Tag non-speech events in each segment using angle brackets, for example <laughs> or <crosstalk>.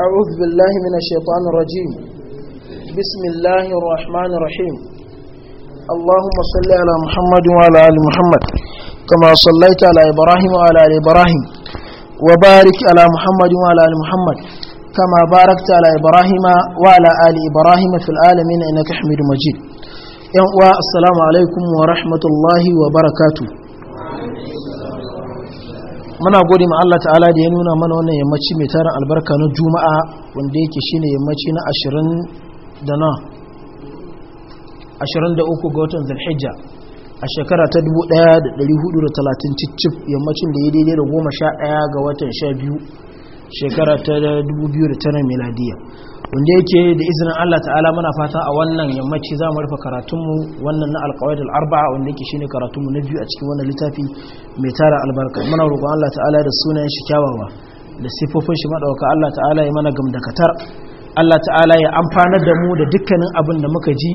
أعوذ بالله من الشيطان الرجيم بسم الله الرحمن الرحيم اللهم صل على محمد وعلى آل محمد كما صليت على إبراهيم وعلى آل إبراهيم وبارك على محمد وعلى آل محمد كما باركت على إبراهيم وعلى آل إبراهيم في العالمين إنك حميد مجيد السلام عليكم ورحمة الله وبركاته muna gode ma Allah ta'ala da ya nuna mana wannan yammaci mai tarin albarka na juma'a wanda yake shine yammaci na ashirin da na ashirin da uku ga watan zulhijja a shekara ta 1430 cicif yammacin da ya daidai da goma sha ga watan sha biyu shekara ta 2009 miladiya wanda yake da izinin Allah ta'ala muna fata a wannan yammaci za mu rufe karatunmu wannan na da arba'a wanda yake shine karatunmu na biyu a cikin wannan littafi mai tara albarka muna roƙon Allah ta'ala da sunayen shi kyawawa da sifofin shi madauka Allah ta'ala ya mana gamdakatar Allah ta'ala ya amfana da mu da dukkanin abin da muka ji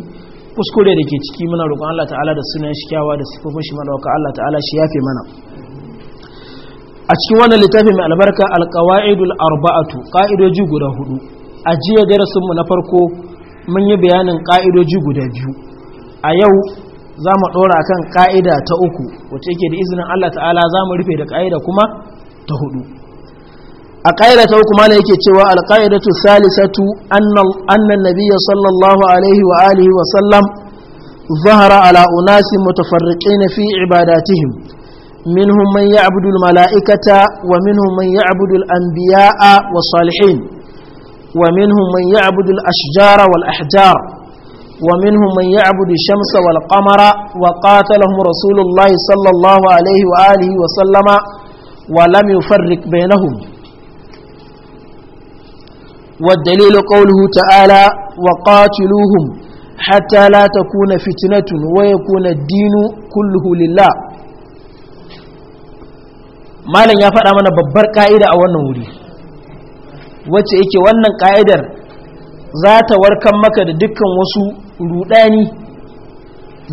kuskure da ke ciki muna roƙon Allah ta'ala da sunayen shi kyawawa da sifofin shi madauka Allah ta'ala shi yafe mana a cikin wannan littafi mai albarka alkawaidul arba'atu ka'idoji guda hudu a jiya darasinmu na farko mun yi bayanin ƙa'idoji guda biyu a yau za mu ɗora kan ƙa'ida ta uku wacce yake da izinin Allah ta'ala za mu rufe da ƙa'ida kuma ta hudu a ƙa'ida ta uku mana yake cewa alƙa'idatu salisatu annan nabiya sallallahu alaihi wa alihi wa sallam zahara ala unasi na fi ibadatihim minhum man ya'budu al-mala'ikata wa minhum man ya'budu al-anbiya'a was-salihin ومنهم من يعبد الأشجار والأحجار ومنهم من يعبد الشمس والقمر وقاتلهم رسول الله صلى الله عليه وآله وسلم ولم يفرق بينهم والدليل قوله تعالى وقاتلوهم حتى لا تكون فتنة ويكون الدين كله لله ما لن يفعل من babbar إذا a wannan wacce yake wannan ka'idar za ta warkan maka da dukkan wasu rudani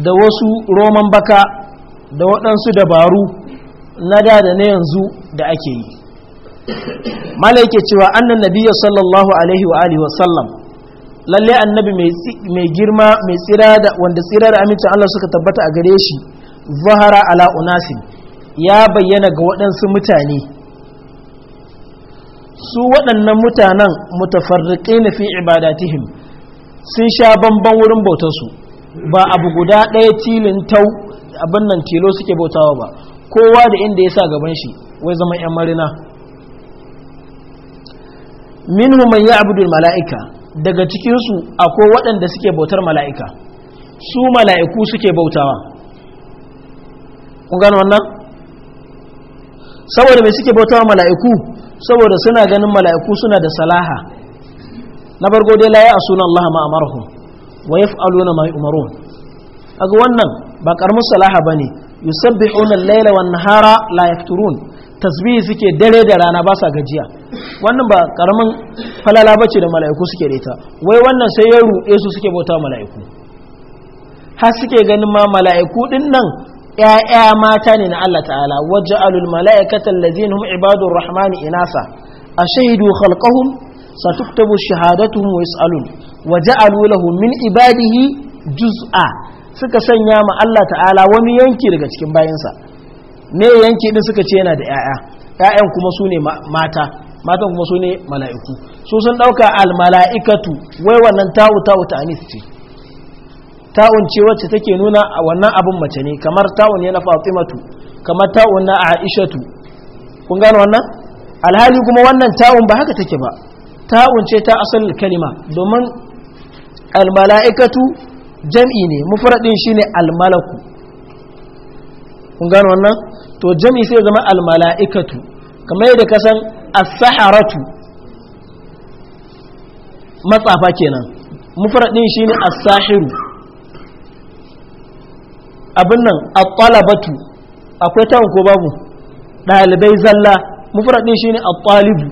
da wasu roman baka da waɗansu dabaru na da da na yanzu da ake yi malaike cewa annan nabiya sallallahu alaihi wa alihi wasallam lalle annabi mai girma mai tsira da wanda tsira da amincin Allah suka tabbata a gare shi zahara ala unasin ya bayyana ga waɗansu mutane su waɗannan mutanen mutafarriƙe na fi ibadatihim sun sha bamban wurin bautarsu ba abu guda ɗaya tilin tau abin nan tilo suke bautawa ba kowa da inda ya sa gaban shi wai zama 'yan marina minhu man ya'budu mala'ika daga cikinsu akwai waɗanda suke bautar mala'ika su mala'iku suke bautawa kun gano wannan saboda mai suke bautawa mala'iku saboda suna ganin mala'iku suna da salaha na bar dai laye a sunan Allah ma'amarhu. ya fi wa mai ma a ga wannan ba karamin salaha bane yusabbihuna al-laila wa nahara la turun tasbihi suke dare da rana ba sa gajiya wannan ba karamin falala bace da mala'iku suke da ita wai wannan sai ya ruɗe su suke bauta mala'iku har suke ganin ma mala'iku din nan 'ya'ya mata ne na Allah ta'ala wajen alul mala'ikatan lazin hum ibadun rahmani inasa a shaidu khalqahum satuktabu shahadatuhum wa yas'alun wa ja'alu min ibadihi juz'a suka sanya ma Allah ta'ala wani yanki daga cikin bayansa me yanki din suka ce yana da 'ya'ya 'ya'yan kuma sune mata kuma sune mala'iku su sun ɗauka al mala'ikatu wai wannan tawu tawu ta ce ta'un ce wacce take nuna wannan abin mace ne kamar ta'un ne na fatimatu kamar ta'un na aishatu kun gano wannan alhali kuma wannan ta'un ba haka take ba ta'un ce ta asal kalima domin almala'ikatu jam'i ne mufradin shine almalaku kun gano wannan to jam'i sai zama almala'ikatu kamar yadda ka san as-saharatu matsafa kenan mufradin shine as-sahiru abin nan a batu akwai tawon ko babu ɗalibai zalla shi ne a talibu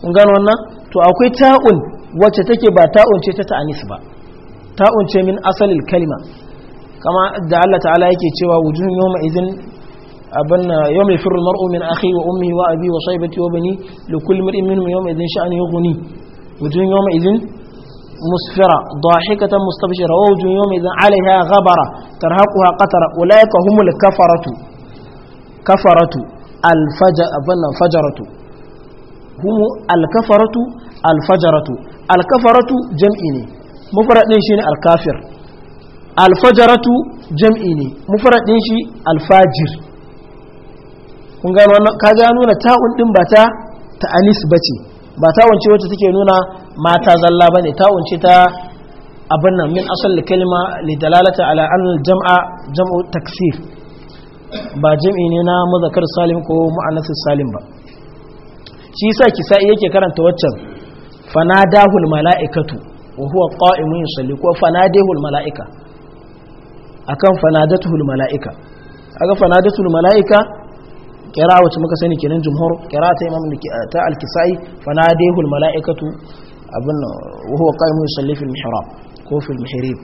kun gano wannan to akwai ta'un wacce take ba ta'un ce ta ta'anis ba ta'un ce min asalil kalima kama da Allah ta'ala yake cewa wujuhun yawma izin abin na yawma firin mar'u min akhi wa ummihi wa abi wa shaybati wa bani li kulli mar'in yau yawma izin sha'ani yughni wujuhun yawma izin. مسفرة ضاحكة مستبشرة ووجه يومئذ عليها غبرة ترهقها قترة أولئك هم الكفرة كفرة الفجرة هم الكفرة الفجرة الكفرة جمعيني مفرد شيء الكافر الفجرة جمعيني مفرد شيء الفاجر kun gano wannan kaga nuna ta'un din ba ta ta'anis bace ba ta wance wacce take nuna mata zalla ne ta wuce ta abin nan min asal kalma li dalalata ala an jam'a jam'u taksir ba jam'i ne na mazakar salim ko mu'annas salim ba shi yasa kisa'i yake karanta waccan fanadahul mala'ikatu wa huwa qa'imun yusalli ko fanadahul mala'ika akan fanadatuhul mala'ika aga fanadatul mala'ika kira wacce muka sani kenan jumhur kira ta imam ta al-kisai fanadahul mala'ikatu abin wahuwa ƙaimu yusalli fil mihrab ko fil mihrib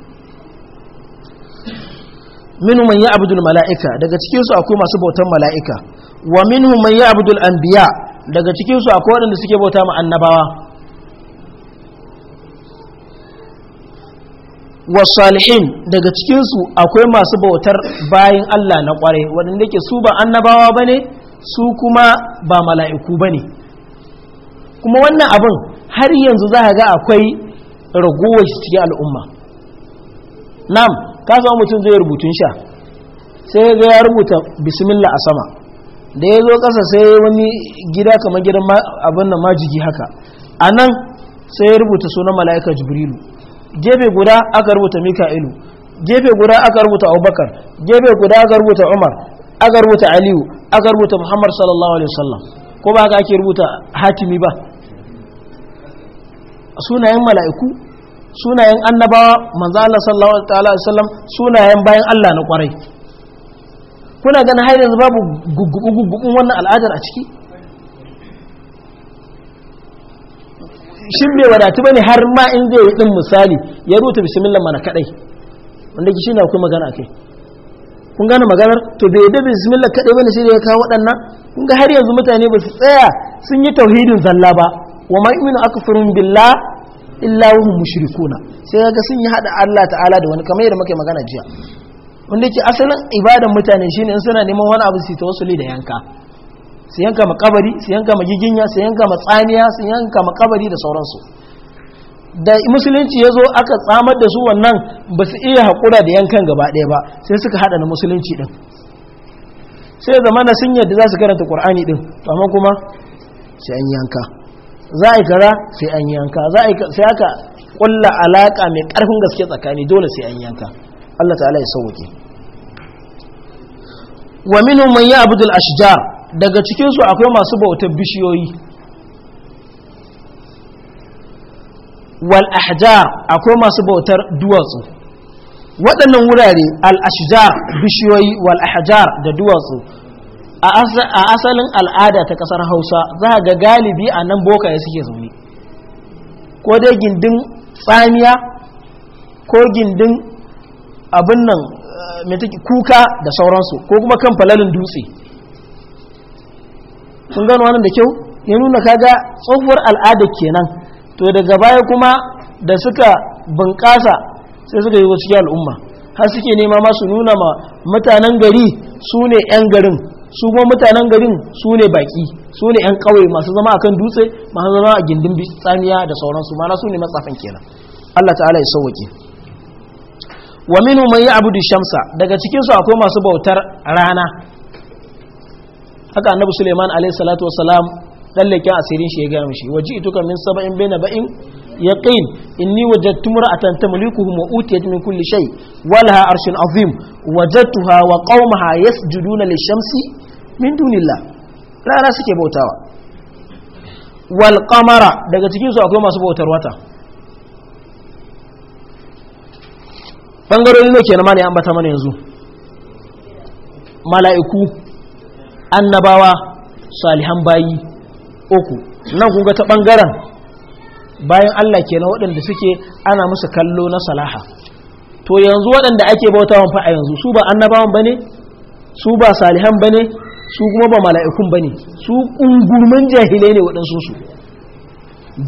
minhu man abudul mala'ika daga cikinsu akwai masu bautan mala'ika wa minhu man an anbiya daga cikinsu akwai waɗanda suke bauta ma annabawa wa salihin daga cikinsu akwai masu bautar bayan Allah na kware waɗanda ke su ba annabawa ba ne su kuma ba mala'iku ba ne. kuma wannan abin har yanzu za a ga akwai ragowar shi cikin al'umma nam ka mutum zai rubutun sha sai ga ya rubuta bismillah a sama da ya zo ƙasa sai wani gida kamar gidan abin da majigi haka a nan sai ya rubuta sunan mala'ika jibrilu gefe guda aka rubuta mika'ilu gefe guda aka rubuta abubakar gefe guda aka rubuta umar aka rubuta aliyu aka rubuta muhammad sallallahu alaihi wasallam ko ba ka ake rubuta hatimi ba sunayen mala'iku sunayen annabawa manzo Allah sallallahu alaihi sallam sunayen bayan Allah na kwarai kuna ganin har yanzu babu gugubu gugubun wannan al'adar a ciki shin bai wadatu bane har ma in zai yi din misali ya rubuta bismillah mana kadai wanda shi shine akwai magana akai kun gane maganar to bai da bismillah kadai bane sai da ya kawo waɗannan kun ga har yanzu mutane ba su tsaya sun yi tauhidin zalla ba wa ma yu'minu aktharuhum billah illa hum mushrikuna sai kaga sun yi hada Allah ta'ala da wani kamar yadda muke magana jiya wanda yake asalin ibadan mutane shine in suna neman wani abu su tawassuli da yanka su yanka makabari su yanka magiginya su yanka matsaniya su yanka makabari da sauransu da musulunci ya zo aka tsamar da su wannan ba su iya haƙura da yankan gaba ɗaya ba sai suka haɗa na musulunci ɗin sai zamana sun yadda za su karanta ƙur'ani ɗin amma kuma sai an yanka za a yi kara sai an yanka za a yi sai aka kulla alaka mai karfin gaske tsakani dole sai an yanka Allah ta'ala ya sauke wa minhum man ya'budu al-ashjar daga cikinsu su akwai masu bautar bishiyoyi wal ahjar akwai masu bautar duwatsu waɗannan wurare al-ashjar bishiyoyi wal ahjar da duwatsu a asalin al'ada ta kasar hausa za a ga galibi a nan boka ya suke zaune ko dai gindin tsamiya ko gindin abin nan eh, kuka da sauransu ko kuma kan falalin dutse Sun gano wannan da kyau ya nuna kaga tsohuwar al'ada kenan to daga baya kuma da suka bunƙasa sai suka yi wasu al'umma har suke nema masu nuna ma mutanen gari su ne 'yan garin su kuma mutanen garin su ne baki su ne 'yan ƙauye masu zama a kan dutse masu zama a gindin tsamiya da sauransu mana su ne matsafin kenan Allah ta'ala ya sauwake wa minu abu da shamsa daga cikin su akwai masu bautar rana haka annabi Suleiman alaihi salatu wassalam dan leken asirin shi ya ga mishi waji ituka min sabain baina ba'in yaqin inni wajadtu mar'atan tamlikuhum wa utiyat min kulli shay walaha arshun azim wajadtuha wa qaumaha yasjuduna lishamsi min la. rana suke bautawa wal qamara daga cikin su akwai masu bautar wata bangarori ne kenan ma ne an mana yanzu mala'iku annabawa salihan bayi uku nan kun ga ta bangaren bayan Allah kenan waɗanda suke ana musu kallo na salaha to yanzu waɗanda ake bautawa fa a yanzu su ba annabawan bane su ba salihan bane su kuma ba mala'ikun ba ne su ƙungurman jahilai ne waɗansu su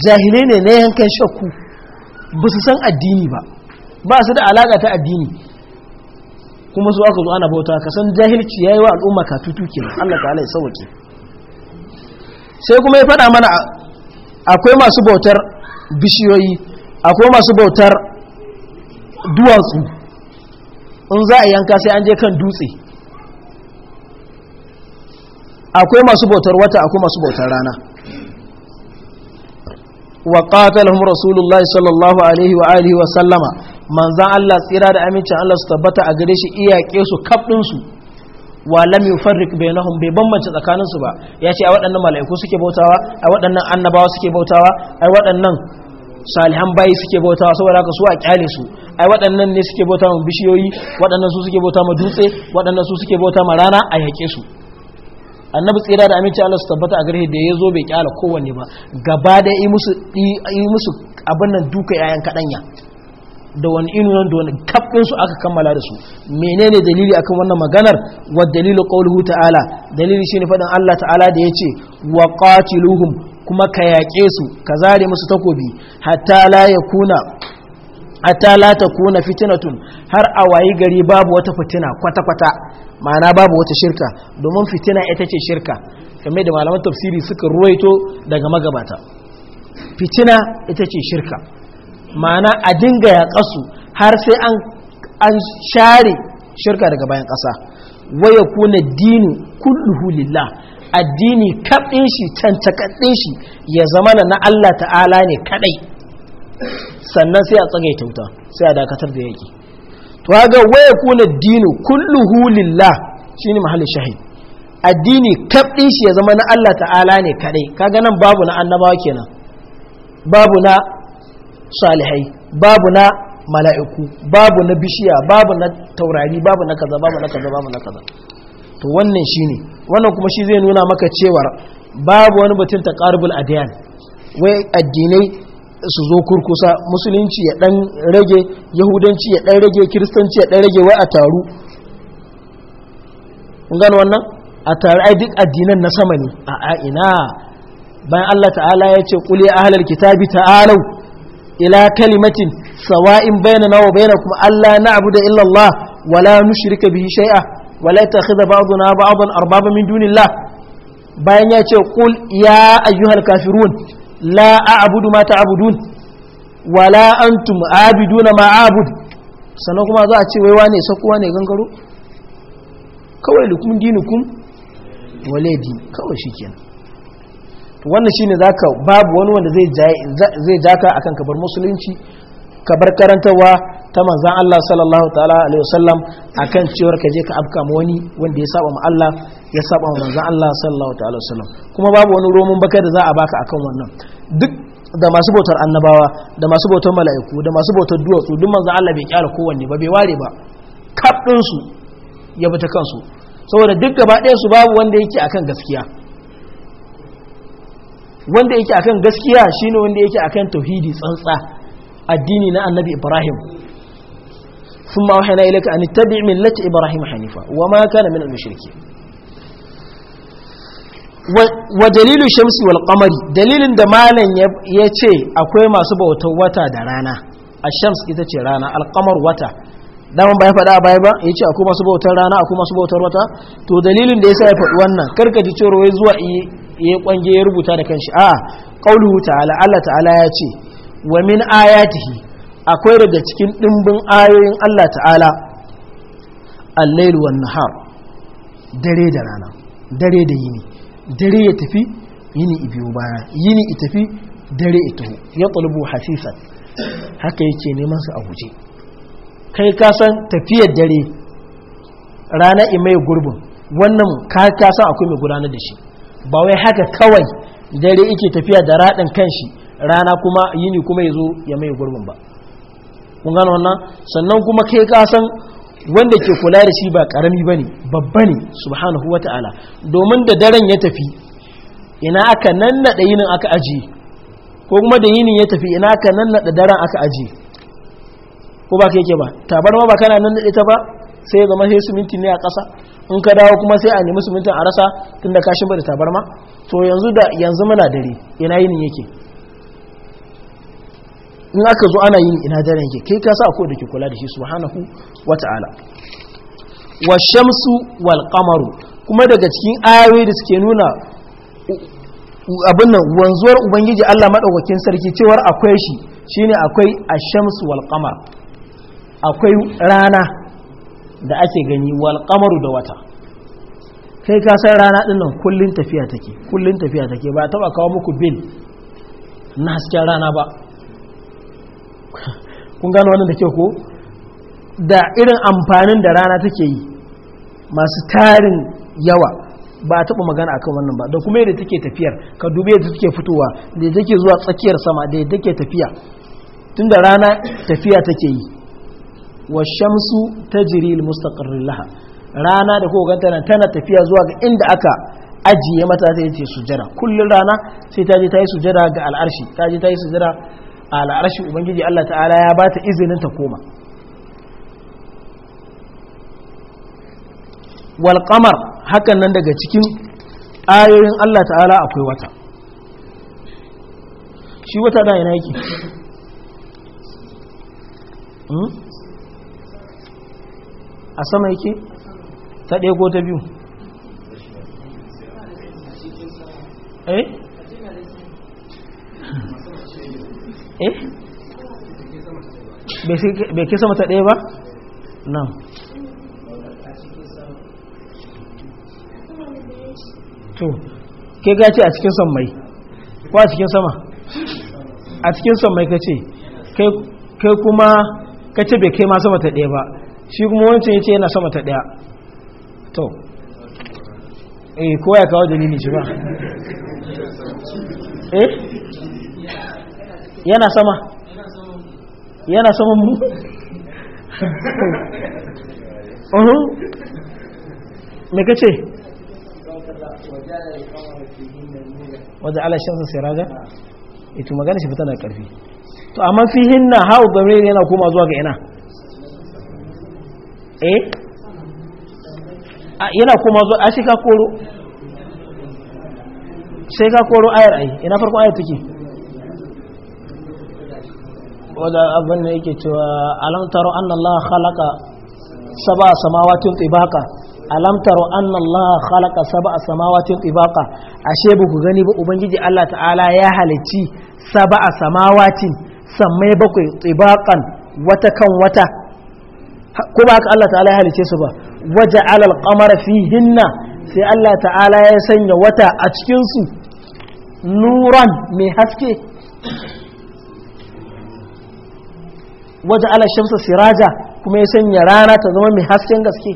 jahilai ne na yankan shakku ba su san addini ba ba su da alaƙa ta addini kuma su aka zo ana bauta ka san jahilci ya yi wa al'umma ka tutu allah ta halaye sauwake sai kuma ya faɗa mana akwai masu bautar bishiyoyi akwai masu bautar duwatsu in za a yanka sai an je kan dutse akwai masu bautar wata akwai masu bautar rana wa qatalahum rasulullah sallallahu alaihi wa alihi wa sallama manzan Allah tsira da amincin Allah su tabbata a gare shi iyake su kaf din su wa lam yufarriq bainahum bai bambance tsakanin su ba yace a waɗannan mala'iku suke bautawa a waɗannan annabawa suke bautawa a waɗannan salihan bayi suke bautawa saboda haka su a kyale su ai waɗannan ne suke bauta bishiyoyi waɗannan su suke bauta dutse waɗannan su suke bauta wa rana a yake su annabi tsira da aminci Allah su tabbata a gare da ya zo bai kyala kowanne ba gaba da yi musu yi musu abin nan duka yayan kadanya da wani inu nan da wani kafin su aka kammala da su menene dalili akan wannan maganar wa dalilu qawluhu ta'ala dalili shine fadin Allah ta'ala da yace wa qatiluhum kuma ka yaƙe su ka zare musu takobi hatta la yakuna hatta la takuna fitnatun har a wayi gari babu wata fitina kwata kwata ma'ana babu wata shirka domin fitina ita ce shirka kamar da malaman tafsiri suka ruwaito daga magabata fitina ita ce shirka ma'ana a dinga ya kasu har sai an share shirka daga bayan kasa, waya kuna dini kulluhu lillah addini kaɗin shi tantakaɗin shi ya zama na Allah ta'ala ne kaɗai sannan sai a tsagaita wuta sai a dakatar da yaƙi to ga waya kuna dini kullu hulillah shi shine mahallin shahid addini kaɗin shi ya zama na Allah ta'ala ne kaɗai kaga nan babu na annabawa kenan babu na salihai babu na mala'iku babu na bishiya babu na taurari babu na kaza babu na kaza babu na kaza to wannan shi ne wannan kuma shi zai nuna maka cewar babu wani batun ta ƙarbul adiyan wai addinai su zo kurkusa musulunci ya dan rage yahudanci ya dan rage kiristanci ya dan rage wai a taru gano wannan a taru ai duk addinan na sama ne a a'ina bayan Allah ta'ala ya ce kuli ahlal kitabi ta'alau ila kalimatin sawa'in bainana wa bainakum alla na'budu illa Allah wa la nushrika bihi shay'a wa la takhudha ba'duna ba'dan arbaba min dunillah bayan ya ce kul ya ayyuhal kafirun la a'budu ma ta'budun wala antum abiduna ma a'bud sannan kuma za a ce wai wane sakuwa ne gangaro kawai lukum dinukum waladi kawai shikenan to wannan shine zaka babu wani wanda zai zai jaka akan kabar musulunci ka bar karantarwa ta manzan Allah sallallahu ta'ala alaihi wasallam akan cewar ka je ka afka ma wani wanda ya saba ma Allah ya saba ma manzan Allah sallallahu ta'ala wasallam kuma babu wani romon baka da za a baka akan wannan duk da masu bautar annabawa da masu bautar mala'iku da masu bautar duwatsu duk manzan Allah bai kyara kowanne ba bai ware ba kaf su ya bi ta kansu saboda duk gaba ɗaya su babu wanda yake akan gaskiya wanda yake akan gaskiya shine wanda yake akan tauhidi tsantsa addini na annabi ibrahim sun tabi millati Ibrahim Hanifa. Wa ma kana min al-mushriki wa dalilu shamsi wal qamari dalilin da malan ya ce akwai masu bautar wata da rana ash-shams ita ce rana al-qamar wata dan ba ya faɗa a baya ba ya ce akwai masu bautar rana akwai masu bautar wata to dalilin da yasa ya faɗi wannan karka ji cewa wai zuwa iya kwange ya rubuta da kanshi a qauluhu ta'ala Allah ta'ala ya ce wa min ayatihi akwai daga cikin ɗimbin ayoyin Allah ta'ala allailu wan nahar dare da rana dare da yini dare ya tafi yini ibiyo baya yini ya tafi dare ya tafi ya tulubu hasisan haka yake neman su a guje kai ka san tafiyar dare rana imai gurbin wannan ka ka san akwai mai gudanar da shi ba wai haka kawai dare yake tafiya da radin kanshi rana kuma yini kuma ya zo ya mai gurbin ba kun gano wannan sannan kuma kai ka san wanda ke kula da shi ba karami ba ne babba ne subhanahu wa ta'ala domin da daren ya tafi ina aka nannaɗa yinin aka aji ko kuma da yinin ya tafi ina aka nannaɗa daren aka aji ko ba ka yake ba tabarma ba kana nannaɗe ta ba sai ya zama sai siminti ne a ƙasa in ka dawo kuma sai a nemi simintin a rasa tun da kashin ba da ma to yanzu da yanzu muna dare ina yinin yake in aka zo ana yin ina daren ke kai ka sa akwai da ke kula da shi subhanahu ta'ala wa shamsu wal qamaru kuma daga cikin ayoyi da suke nuna abin nan wanzuwar ubangiji Allah madaukakin sarki cewar akwai shi shine akwai ashamsu shamsu wal qamar akwai rana da ake gani wal qamaru da wata kai ka san rana din nan kullun tafiya take kullun tafiya take ba taba kawo muku bil na hasken rana ba kun gano wannan da ke ko da irin amfanin da rana take yi masu tarin yawa ba taɓa magana akan wannan ba da kuma yadda take tafiyar ka dubi yadda take fitowa da yadda take zuwa tsakiyar sama da yadda take tafiya tun da rana tafiya take yi wa shamsu ta jiri mustaqarrin laha rana da kowa ganta nan tana tafiya zuwa ga inda aka ajiye mata ta yi sujada kullum rana sai ta je ta yi sujada ga al'arshi ta je ta yi sujada al'arashi ubangiji Allah ta'ala ya ba ta izinin ta koma walƙamar hakan nan daga cikin ayoyin Allah ta'ala akwai wata shi wata da yana yake hmm? a sama yake ta ɗaya ko ta biyu eh Eh? bai ke sama ta ɗaya ba nan to ke ce a cikin mai ko a cikin sama a cikin sammai ka ce kai kuma ka ce bai kai ma sama ta ɗaya ba shi kuma wancan ya ce yana sama ta ɗaya to eh kowa ya kawo dalili shi ba eh yana sama yana sama mu <laughs> uhun me kace wajen ala sai siraja ito eh, magana shi fita na karfi to amma fi hinna hau domin yana koma zuwa ga ina eh yana koma zuwa a shi ka koro sai ka koro ayar ayi ina farko ayar take wadda abin da yake cewa alam taro an Allah khalaqa saba samawatin tibaqa alam taro an Allah khalaqa saba a samawatin tibaqa ashe ba ku gani ba ubangiji Allah ta'ala ya halici saba a samawatin sammai bakwai tibaqan wata kan wata ko ba haka Allah ta'ala ya halice su ba waje alal kamar fihinna sai Allah ta'ala ya sanya wata a cikinsu nuran mai haske waje ala shamsa siraja kuma ya sanya rana ta zama mai hasken gaske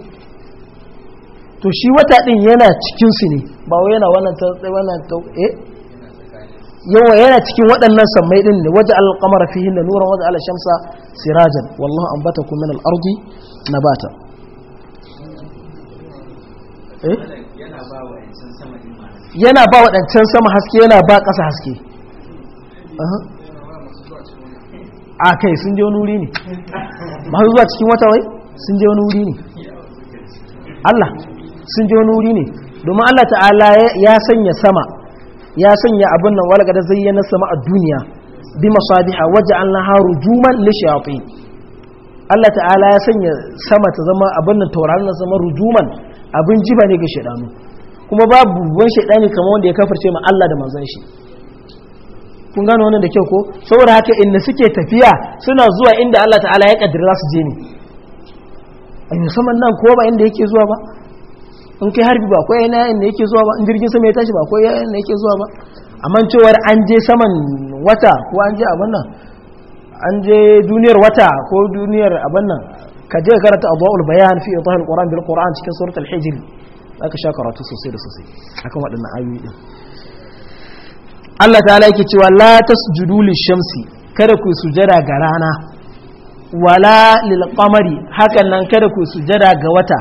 to shi wata din yana cikin su ne ba wai yana wannan ta wannan ta eh yawa yana cikin waɗannan sammai din ne waje al qamara da nuran waje ala shamsa sirajan wallahu anbatakum min al ardi nabata eh yana ba waɗancan sama haske yana ba ƙasa haske a kai sun je wani wuri ne masu zuwa cikin wata wai sun je wani wuri ne Allah sun je wani wuri ne domin Allah ta'ala ya sanya sama ya sanya abin nan walaga da na sama a duniya bi masabiha waje an laharu juman lishafi Allah ta'ala ya sanya sama ta zama abin nan tauraron na zama rujuman abin jiba ne ga shaɗanu kuma babu ban shaɗani kamar wanda ya kafarce ma Allah da manzon shi kun gano wannan da kyau ko saboda haka inda suke tafiya suna zuwa inda Allah ta'ala ya kaddara za su je ne a musamman nan ko ba inda yake zuwa ba in kai harbi ba ko yana inda yake zuwa ba in jirgin sama ya tashi ba ko yana inda yake zuwa ba amma cewar an je saman wata ko an je abin nan an je duniyar wata ko duniyar abin nan ka je karanta adwaul bayan fi idahil qur'an bil qur'an cikin suratul hijr zaka sha karatu sosai da sosai akan waɗannan ayoyi din Allah ta yake cewa la tasjudu shamsi kada ku sujada ga rana wala lil qamari hakan nan kada ku sujada ga wata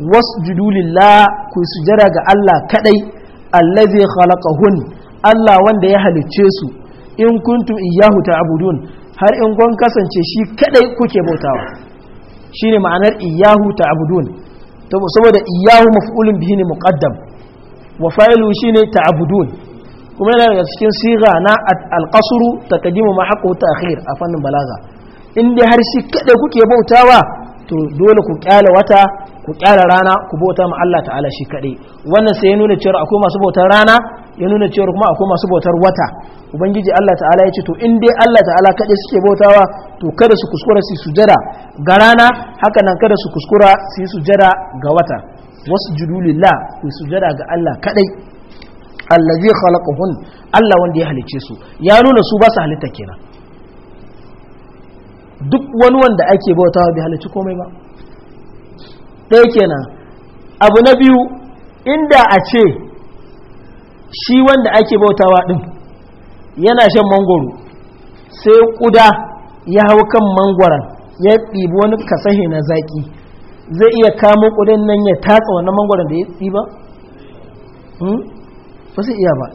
wasjudu lillah ku sujada ga Allah kadai allazi khalaqahun Allah wanda ya halicce su in kuntum iyyahu ta'budun har in kun kasance shi kadai kuke bautawa shine ma'anar iyyahu ta'budun to saboda iyyahu maf'ulun bihi ne muqaddam wa fa'ilu shine ta'budun kuma yana daga cikin siga na alƙasuru ta kadimu ma haƙo ta akhir a fannin balaga in dai har shi kaɗai kuke bautawa to dole ku ƙyale wata ku ƙyale rana ku bauta ma Allah ta'ala shi kaɗai wannan sai ya nuna cewa akwai masu bautar rana ya nuna cewa kuma akwai masu bautar wata ubangiji Allah ta'ala ya ce to in dai Allah ta'ala kaɗai suke bautawa to kada su kuskura su sujada ga rana haka nan kada su kuskura su sujada ga wata wasu judulillah ku sujada ga Allah kaɗai allazi khalaqahun Allah wanda ya halice su ya nuna su ba su halitta kenan duk wani wanda ake bauta bai halici komai ba ɗaya kenan abu na biyu inda a ce shi wanda ake bautawa din yana shan mangoro sai kuda ya hau kan mangoron ya ɗibi wani kasahe na zaƙi zai iya kamo kudin nan ya tatsa wani mangoron da ya ɗiba? Hmm? ba zai iya ba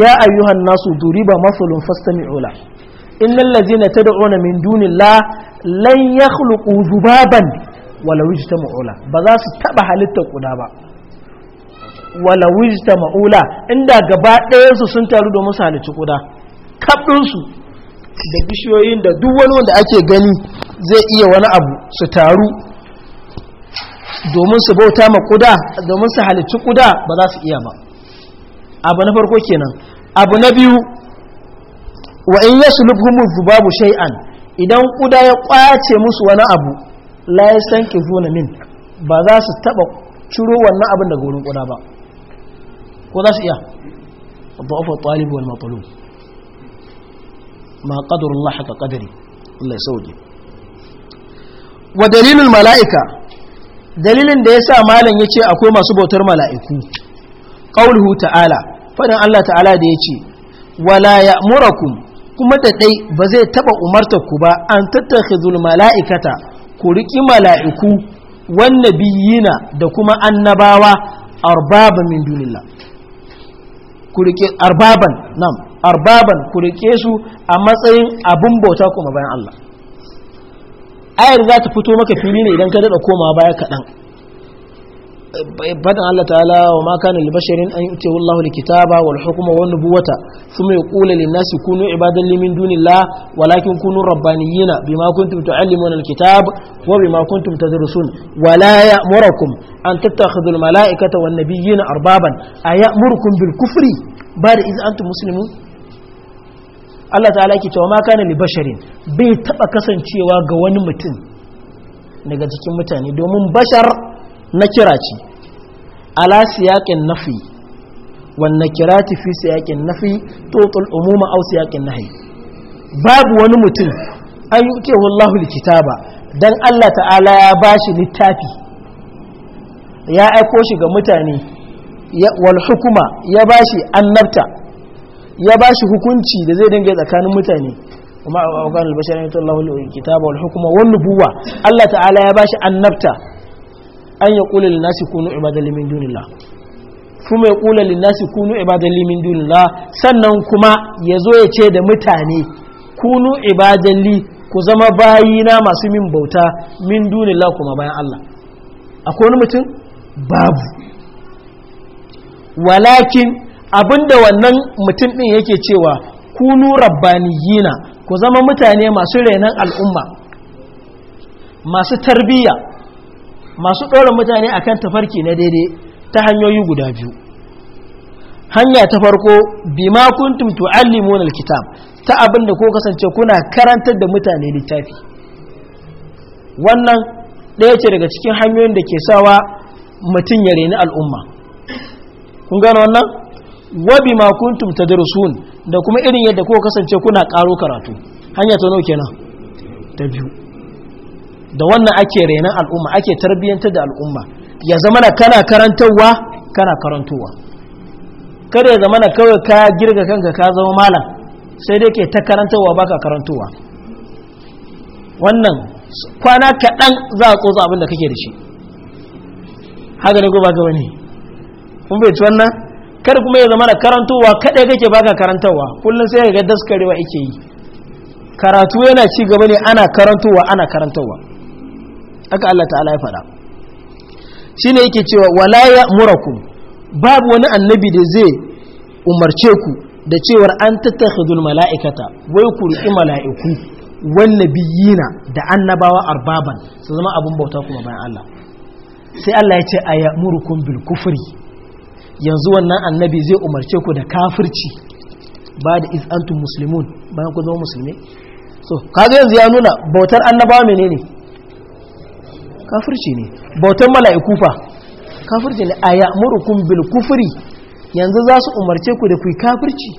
ya ayyuhan nasu duriba masalun fastami'u la na ladzina tad'una min dunillah lan yakhluqu dhubaban wala yajtama'u la ba za su taba halittar kuda ba wala yajtama'u la inda gaba ɗayan su sun taru domin su halicci kuda kaɗinsu da bishiyoyin da duk wani wanda ake gani zai iya wani abu su taru domin su bauta ma kuda domin su halicci kuda ba za su iya ba abu na farko kenan abu na biyu wa in yaslubhumu zubabu shay'an idan kuda ya kwace musu wani abu la yasankifuna min ba za su taba ciro wannan abin daga wurin kuda ba ko za su iya ضعف الطالب والمطلوب ما قدر الله حق قدري الله Wa ودليل mala'ika, دليل da yasa malam yace akwai masu bautar mala'iku qauluhu ta'ala faɗin Allah ta'ala da ya ce wala ku? kuma da dai ba zai taba umarta ku ba an tattakhizul mala'ikata ku riƙi mala'iku wanda biyina da kuma annabawa arbaban min dunillah ku riƙe arbaban nam arbaban ku riƙe su a matsayin abun bauta kuma bayan Allah ayar za ta fito maka fili ne idan ka daɗa komawa baya kaɗan badan Allah ta'ala wa ma kana li basharin an yuti wallahu li kitaba wal hukma wa nubuwata thumma yaqulu lin nasi kunu ibadan li walakin kunu rabbaniyina bima kuntum tu'allimuna al kitab wa bima kuntum tadrusun wa la ya'murukum an tattakhudhu al malaikata wan nabiyina arbaban ayamurukum bil kufri bar iz antum muslimun Allah ta'ala ki wa ma kana li basharin bai taɓa kasancewa ga wani mutum daga cikin mutane domin bashar na kira ce ala siyaƙin nafi wanne kira fi siyaƙin nafi totul umuma au siyaƙin nahi babu wani mutum an yi ke wallahu likitaba don Allah ta'ala ya ba shi littafi ya aiko shi ga mutane wal hukuma ya ba shi annabta ya ba shi hukunci da zai dinga tsakanin mutane kuma a wakan albashar ya ta Allah wal hukuma wani buwa Allah ta'ala ya ba shi annabta an ya kula linnasi kunu ibadan limin dunila kuma ya kula linnasi kunu ibadan limin dunila sannan kuma ya zo ya ce da mutane kunu ibadan li ku zama bayina masu min bauta min dunila kuma bayan Allah akwai wani mutum babu walakin abinda wannan mutum din yake cewa kunu rabbaniyina ku zama mutane masu renon al'umma masu tarbiyya masu ɗora mutane akan tafarki na daidai ta hanyoyi guda biyu hanya ta farko bima kuntum tu'allimun alkitab ta abin da ko kasance kuna karantar da mutane littafi wannan ɗaya ce daga cikin hanyoyin da ke sawa mutum ya reni al'umma kun gano wannan wa bima kuntum tadrusun da kuma irin yadda ko kasance kuna karo karatu hanya ta nauke kenan ta biyu da wannan ake renon al'umma ake tarbiyyanta da al'umma ya zama na kana karantarwa kana karantowa kada ya zama na kawai ka girga kanka ka zama malam sai dai ke ta karantarwa baka karantowa wannan kwana kaɗan za a tsotsa abin da kake da shi haka ne gobe ga wani kun bai ci wannan kada kuma ya zama na karantowa kaɗai kake baka karantarwa kullum sai ga daskarewa ake yi karatu yana ci gaba ne ana karantowa ana karantowa. haka Allah ta'ala ya faɗa shine yake cewa wala ya'murakum babu wani annabi da zai umarce ku da cewar an tattakhidul mala'ikata wai ku riƙi mala'iku wan biyina da annabawa arbaban su zama abun bauta kuma bayan Allah sai Allah ya ce a ya'murukum bil kufri yanzu wannan annabi zai umarce ku da kafirci ba da is'antu musulmun, bayan ku zama musulmi so kaga yanzu ya nuna bautar annabawa menene kafirci ne bautan mala'iku fa kafirci ne a ya'murukum bil kufri yanzu za su umarce ku da ku kafirci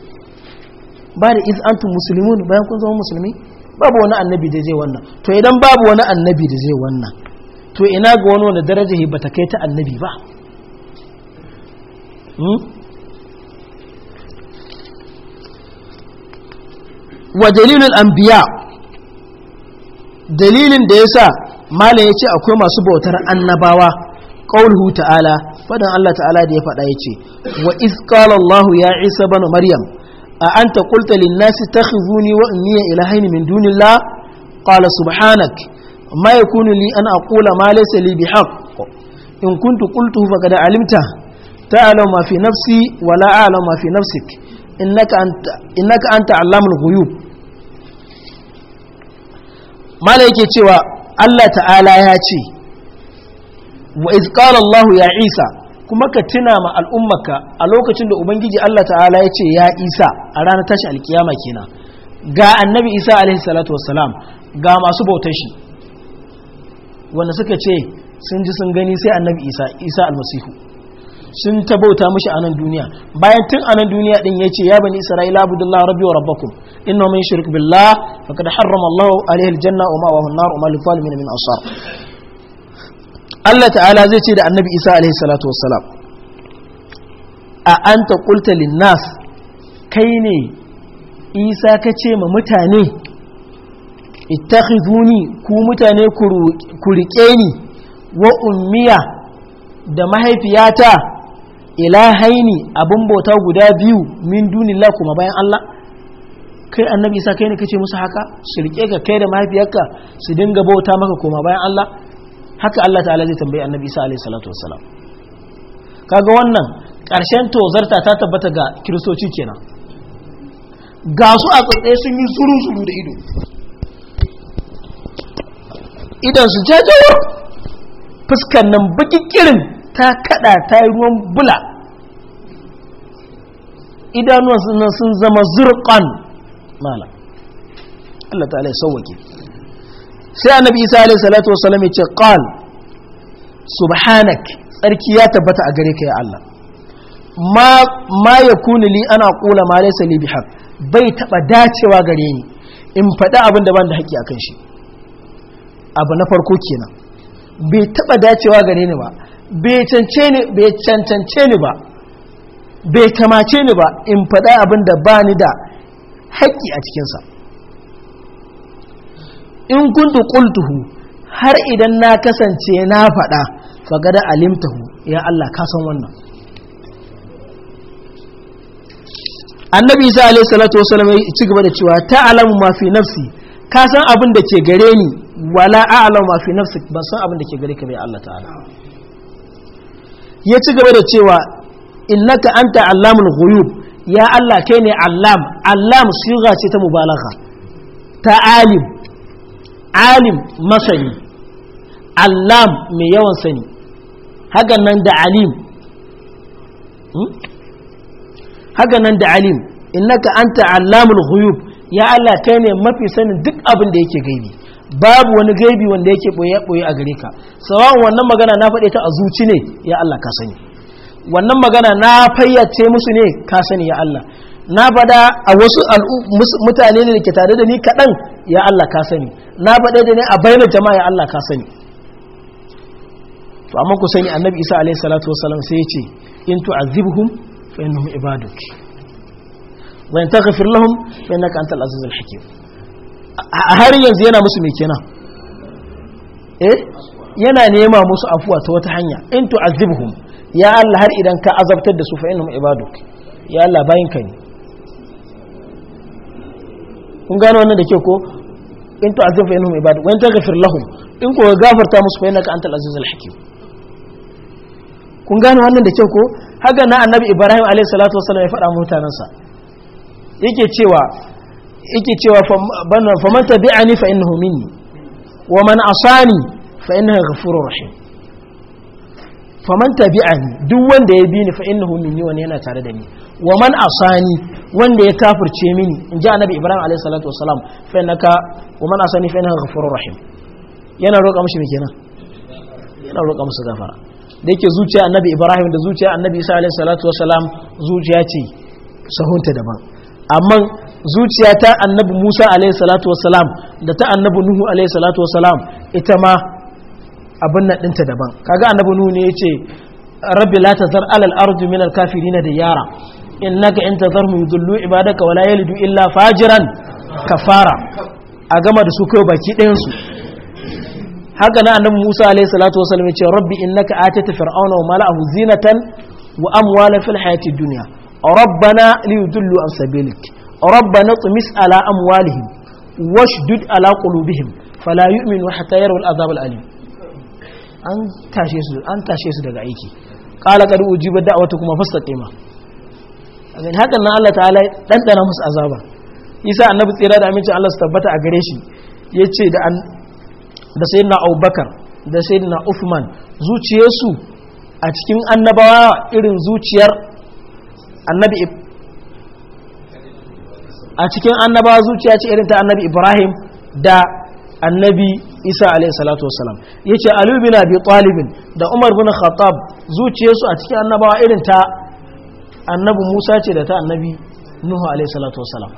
ba da iz antum muslimun bayan kun zama musulmi babu wani annabi da zai wannan to idan babu wani annabi da zai wannan to ina ga wani wani daraja ba ta kai ta annabi ba hmm? wa dalilul anbiya dalilin da yasa malam ya ce akwai masu bautar annabawa qauluhu ta'ala faɗin Allah ta'ala da ya faɗa ya ce wa iz Allah ya Isa bana Maryam a anta kulta linnasi nasi takhuzuni wa ila ilahaini min dunillah ƙala subhanak ma kunu li an aqula ma laysa li bihaqq in kuntu qultuhu faqad alimta ta'lamu ma fi nafsi wa la a'lamu ma fi nafsik innaka anta innaka anta allamul ghuyub yake cewa Allah ta'ala ya ce wa izkar Allah ya isa kuma ka tuna ma al'ummaka a lokacin da ubangiji Allah ta'ala ya ce ya isa a ranar tashi alkiyama kenan ga annabi isa alaihi salatu wassalam ga masu bautar shi wanda suka ce sun ji sun gani sai annabi isa isa almasihu sun ta bauta mishi a nan duniya bayan tun a nan duniya din ya ce ya bani isra'ila abdullah rabbi wa rabbakum inna min shirk billah faqad harrama allah alayhi aljanna wa ma'awahu an-nar wa ma lil min ansar Allah ta'ala zai ce da annabi isa alayhi salatu wassalam a anta qulta lin-nas kai ne isa ka ce ma mutane ittakhizuni ku mutane ku rike ni wa ummiya da mahaifiyata ilahaini abun bauta guda biyu min dunillah kuma bayan Allah kai annabi isa kai ne kace musu haka su rike ka kai da mahaifiyarka su dinga bauta maka kuma bayan Allah haka Allah ta'ala zai tambayi annabi isa alaihi salatu wassalam kaga wannan karshen tozarta ta tabbata ga kiristoci kenan ga su a tsaye sun yi zuru zuru da ido idan su jajawar fuskan nan baki ta kada ta yi ruwan bula idanuwa nan sun zama zurkan mala Allah ta ya sauwake sai annabi Isa alaihi salatu wasallam ya ce qal subhanak tsarki ya tabbata a gare ka ya Allah ma ma yakunu li ana qula ma laysa li bihaq bai taba dacewa gare ni in faɗi abin da ban da haƙƙi akan shi abu na farko kenan bai taba dacewa gare ni ba bai cancance ni ba bai kamace ni ba in faɗa abin da ba ni da haƙƙi a cikinsa in kuntu ƙultuhu har idan na kasance na faɗa fagada alimtahu ya Allah kasan wannan annabi isa alaihi salatu wasallam ya ci gaba da cewa ta alamu mafi nafsi ka san abin da ke gare ni wala a'lamu mafi nafsi ban san abin da ke gare ka bai Allah ta'ala ya ci gaba da cewa innaka anta allamul ghuyub ya Allah kai ne allam allam shiga ce ta mubalagha ta alim alim masani allam mai yawan sani hakan nan da alim hmm? haka nan da alim innaka anta allamul ghuyub ya Allah kai ne mafi sanin duk abin da yake gaibi babu wani gaibi wanda yake boye boye a gare ka sawan wannan magana na faɗe ta a zuci ne ya Allah ka sani wannan magana na fayyace musu ne ka sani ya Allah na bada a wasu mutane ne da ke tare da ni kaɗan ya Allah ka sani na faɗe da ne a bayyana jama'a ya Allah ka sani to amma ku sani annabi isa alaihi salatu wasalam sai ya ce in tu'azibhum fa innahum ibaduk wa in taghfir lahum fa innaka antal azizul hakim har yanzu yana musu mai kenan eh yana nema musu afuwa ta wata hanya in tu'azibhum ya Allah har idan ka azabtar da su fa innahum ibaduk ya Allah bayin ka ne kun gano wannan da ke ko in tu'azib fa innahum ibaduk wa in taghfir lahum in ko gafarta musu fa innaka antal azizul hakim kun gano wannan da ke ko haka na annabi ibrahim alayhi salatu wasallam ya faɗa mutanansa yake cewa yake cewa bannan faman tabi'ani fa innahu minni wa man asani fa innahu ghafurur rahim faman tabi'ani duk wanda ya bi ni fa innahu minni wani yana tare da ni wa man asani wanda ya kafirce mini in ji annabi ibrahim alayhi salatu wasalam fa innaka wa man asani fa innahu ghafurur rahim yana roƙa mushi me kenan yana roƙa musu gafara da yake zuciya annabi ibrahim da zuciya annabi isa alayhi salatu wasalam zuciya ce sahunta daban amma zuciya ta annabi musa alayhi salatu wassalam da ta annabi nuhu alayhi salatu wassalam ita ma abin nan ɗinta daban kaga annabi nuhu ne ya ce rabbi la tazar alal ardu min kafirina da yara innaka in tazarhum yudullu ibadaka wala yalidu illa fajiran kafara a gama da su kai baki ɗayan su haka na annabi Musa alayhi salatu wasallam ya ce rabbi innaka atata fir'auna wa mala'ahu zinatan wa amwala fil hayati dunya rabbana liyudullu an sabilik rabbana tumis ala amwalihim washdud ala qulubihim fala yu'minu hatta yaru al'azab al'alim an tashe su daga aiki qala qad ujiba da'wata kuma fastaqima amin hakan na Allah ta'ala dan dana musu azaba isa annabi tsira da amincin Allah su tabbata a gare shi yace da an da sayyidina Abubakar da sayyidina Uthman zuciyarsu a cikin annabawa irin zuciyar annabi a cikin annabawa zuciya ce irin ta annabi ibrahim da annabi isa alaihi salatu wasalam ya ce aliyu bin abi talibin da umar bin khattab zuciyarsu a cikin annabawa irin ta annabi musa ce da ta annabi nuhu alaihi salatu wasalam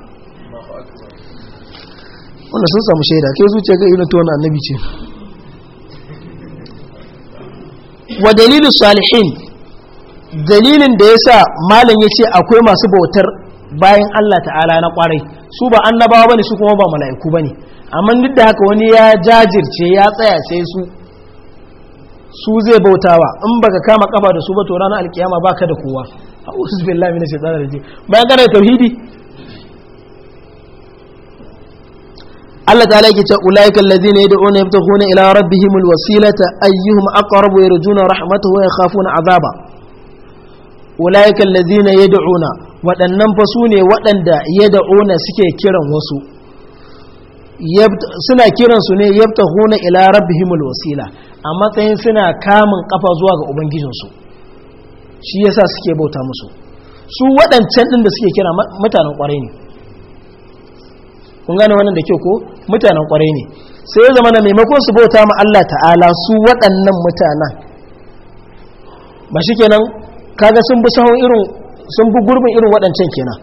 wanda sun samu shaida ke zuciya ga irin ta wani annabi ce wa dalilu salihin dalilin da ya sa malam ya ce akwai masu bautar bayan Allah ta'ala na kwarai su ba annabawa bane su kuma ba mala'iku bane amma duk da haka wani ya jajirce ya tsaya sai su su zai bautawa in baka kama kafa da su ba to ranar alkiyama baka da kowa a'udhu billahi minash shaitanir rajim bayan kana tauhidi Allah ta'ala yake cewa ulaika alladhina yad'una yabtaghuna ila rabbihimul wasilata ayyuhum aqrabu yarjuna rahmatahu wa yakhafuna azaba ulaikan lazina ya da'una waɗannan fa su ne waɗanda ya da'una suke kiran wasu suna kiran su ne yabta huna ila rabbihimul wasila a matsayin suna kamun kafa zuwa ga ubangijinsu shi yasa suke bauta musu su waɗancan ɗin da suke kira mutanen ƙwarai ne kun gane wannan da kyau ko mutanen ƙwarai ne sai ya zama na maimakon su bauta ma Allah ta'ala su waɗannan mutanen ba shi kenan kaga sun bi sahun irin sun bi gurbin irin waɗancan kenan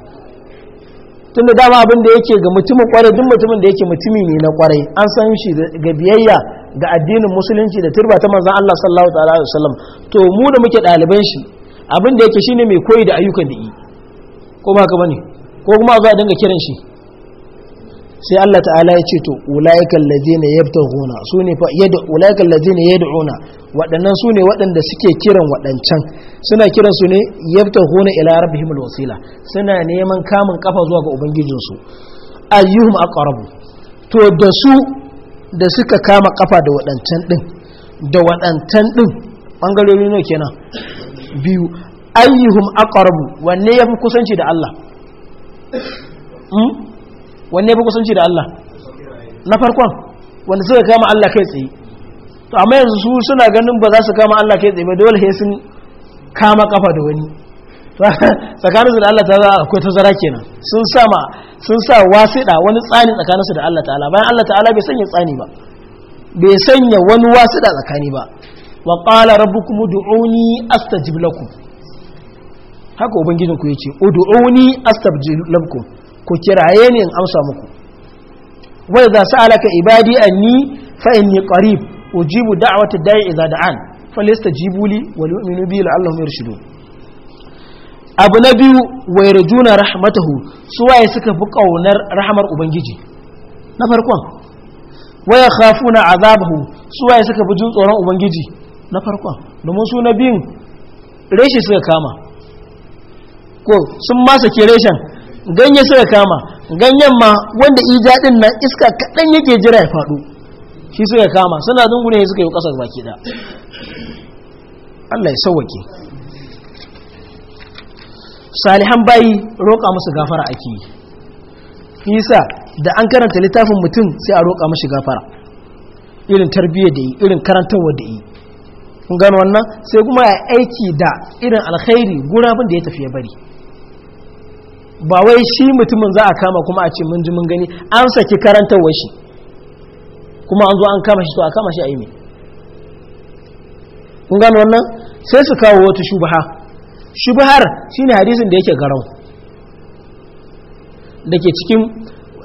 tunda da dama abin da yake ga mutumin kwarai duk mutumin da yake mutumi ne na kwarai an san shi ga biyayya ga addinin musulunci da turba ta manzon Allah sallallahu alaihi wasallam to mu da muke ɗaliban shi abin da yake shine mai koyi da ayyukan da yi ko ba ka bane ko kuma a a dinga kiran shi sai Allah ta'ala ya ce to ulaikal ladina yabtaghuna ne fa yad ulaikal ladina yad'una waɗannan ne waɗanda suke kiran waɗancan suna kiran su ne yabtaghuna ila rabbihim wasila suna neman kamun kafa zuwa ga ubangijin su ayyuhum aqrab to da su da suka kama kafa da waɗancan din da waɗancan din bangarori ne kenan biyu ayyuhum aqrab wanne yafi kusanci da Allah hmm? wanne ya fi kusanci da Allah na farkon wanda suka kama Allah kai tsaye to amma yanzu su suna ganin ba za su kama Allah kai tsaye ba dole sai sun kama kafa da wani tsakaninsu da Allah ta'ala akwai tazara kenan sun sa ma sun sa wasiɗa wani tsani tsakaninsu da Allah ta'ala bayan Allah ta'ala bai sanya tsani ba bai sanya wani wasiɗa tsakani ba wa qala rabbukum ud'uni astajib lakum haka ubangijinku yace ud'uni astajib lakum ku kiraye ni in amsa muku wai za su alaka ibadi a ni fa inni qarib ujibu da'wata da'i idza da'an falyastajibu li wa yu'minu bi la'allahum yarshudun abu na biyu wa yarjuna rahmatahu su waye suka fi kaunar rahmar ubangiji na farkon wa na azabahu su waye suka fi jin tsoron ubangiji na farkon domin su na biyun reshe suka kama ko sun masa ke reshen ganye suka kama ganyen ma wanda ija din nan iska kaɗan yake jira ya faɗo shi suka kama suna ne suka yi ƙasar baki da Allah ya sauwake salihan bayi roƙa musu gafara ake yi isa da an karanta littafin mutum sai a roƙa mashi gafara irin tarbiyya da yi irin karantarwa da yi gano wannan sai kuma ya aiki da irin alkhairi gurabin da ya tafi ya bari ba wai shi mutumin za a kama kuma a ce mun ji mun gani an saki karantarwar shi kuma an zo an kama shi to a kama shi a yi ne kun gano wannan sai su kawo wata shubaha shubahar shine hadisin da yake garau da ke cikin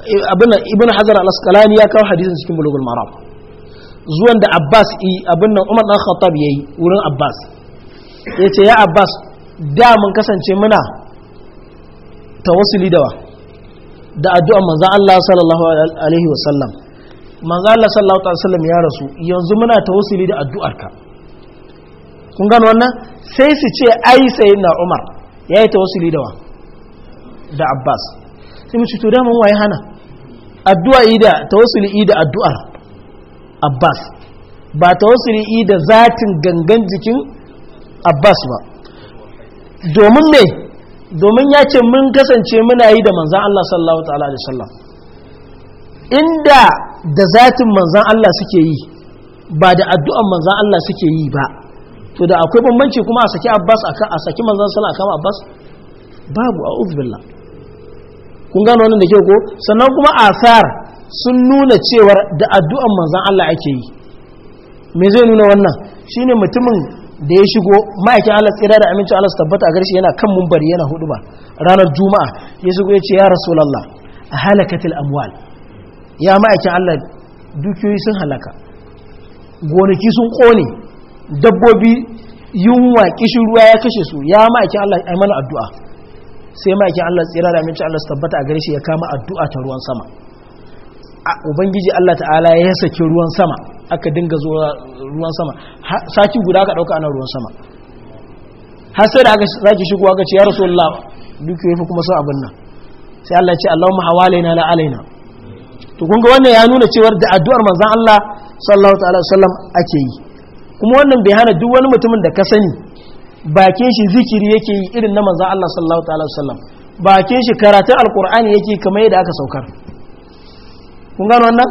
ibn hazar al ya kawo hadisin cikin bulugul maram zuwan da abbas yi abin nan umar dan khattab yayi wurin abbas ya ce ya abbas da mun kasance muna tawassuli da wa da addu'a manzon Allah sallallahu alaihi wasallam manzon Allah sallallahu alaihi wasallam ya rasu yanzu muna tawassuli da addu'arka kun gano wannan sai su ce ai sai na Umar ya yi tawassuli da wa da Abbas sai mu to da mun waye hana addu'a ida tawassuli ida addu'ar Abbas ba tawassuli ida zatin gangan jikin Abbas ba domin me domin ya ce mun kasance muna yi da manzan Allah sallallahu ta'ala da sallam inda da zatin manzan Allah suke yi ba da addu'an manzan Allah suke yi ba to da akwai bambanci kuma a saki Abbas a saki manzan sallallahu kama Abbas babu a uzbillah kun gano wannan da ke ko sannan kuma asar sun nuna cewar da addu'an manzan Allah ake yi me zai nuna wannan shine mutumin da ya shigo ma'aikin Allah tsira da amincin Allah su tabbata a garshi yana kan mumbari yana hudu ba ranar juma'a ya shigo ya ce ya rasu rasulallah a halakatil amwal ya ma'aikin Allah dukiyoyi sun halaka gonaki sun kone dabbobi yunwa kishin ruwa ya kashe su ya ma'aikin Allah ai mana addu'a sai ma'aikin Allah tsira da amincin Allah su tabbata a garshi ya kama addu'a ta ruwan sama ubangiji Allah ta'ala ya saki ruwan sama aka dinga zuwa ruwan sama saki guda ka dauka ana ruwan sama har sai da aka zaki shigo aka ce ya rasulullah duk yayi kuma son abin nan sai Allah ya ce Allahumma hawalaina la alaina to kun ga wannan ya nuna cewar da addu'ar manzon Allah sallallahu ta'ala sallam ake yi kuma wannan bai hana duk wani mutumin da ka sani bakin shi zikiri yake yi irin na manzon Allah sallallahu ta'ala sallam bakin shi karatun alqur'ani yake kamar yadda aka saukar kun gano wannan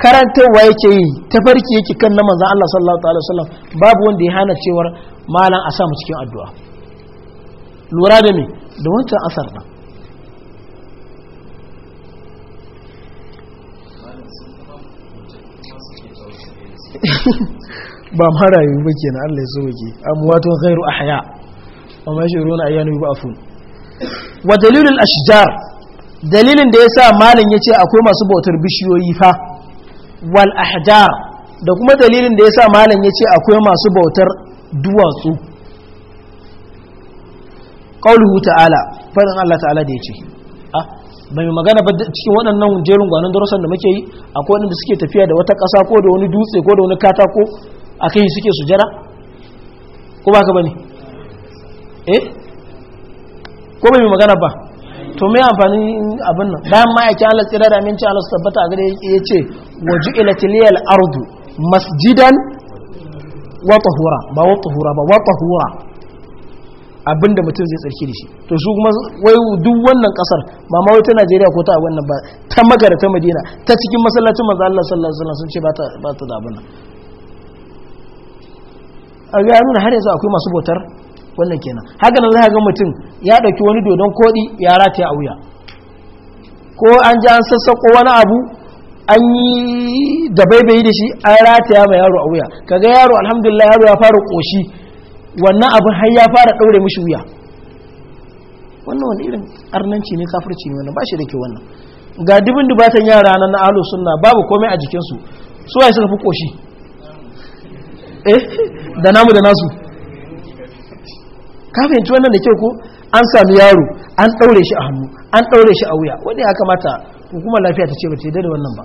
karantarwa yake yi tafarki yake kan na manzan Allah sallallahu alaihi wasallam babu wanda ya hana cewar malam a samu cikin addu'a lura da me da wancan asar nan <laughs> ba marayu ba ke na Allah ya so ke amwatun ghairu ahya amma shi ruwan ayyanu ba afun wa dalilul ashjar dalilin da ya sa malin ya ce akwai masu bautar bishiyoyi fa wal ahjar da kuma dalilin da ya sa malin ya ce akwai masu bautar duwatsu ƙauluhu ta'ala faɗin Allah ta'ala da ya ce A ah, bai mai magana ba cikin waɗannan jerin gwanon darussan da muke yi akwai waɗanda suke tafiya da wata ƙasa ko da wani dutse ko da wani katako a kai suke su jara ko ba ka ne eh ko bai mai magana ba to mai amfani abin nan bayan ma'aikin Allah tsira da ci Allah su tabbata a gare ya ce waju ilatiliyal ardu masjidan wa tahura ba wa tahura ba wa tahura abinda mutum zai tsarki da shi to su kuma wai duk wannan kasar ba ma wai ta Najeriya ko ta wannan ba ta magara ta Madina ta cikin masallacin manzo Allah sallallahu alaihi wasallam sun ce ba ta ba ta da abin nan a ga nuna har yanzu akwai masu bautar wannan kenan haka nan za ga mutum ya ɗauki wani dodon koɗi ya rataya a wuya ko an ji an sassaƙo wani abu an yi da baibayi da shi an rataya mai yaro a wuya kaga yaro alhamdulillah yaro ya fara ƙoshi wannan abin har ya fara ɗaure mishi wuya wannan wani irin arnanci ne kafirci ne wannan ba shi da ke wannan ga dubin dubatan yara na alu sunna babu komai a jikinsu su waye suka fi ƙoshi eh da namu da nasu ka fahimci wannan da kyau ko an sami yaro an ɗaure shi a hannu an ɗaure shi a wuya wanda ya kamata hukuma lafiya ta ce ba ce da wannan ba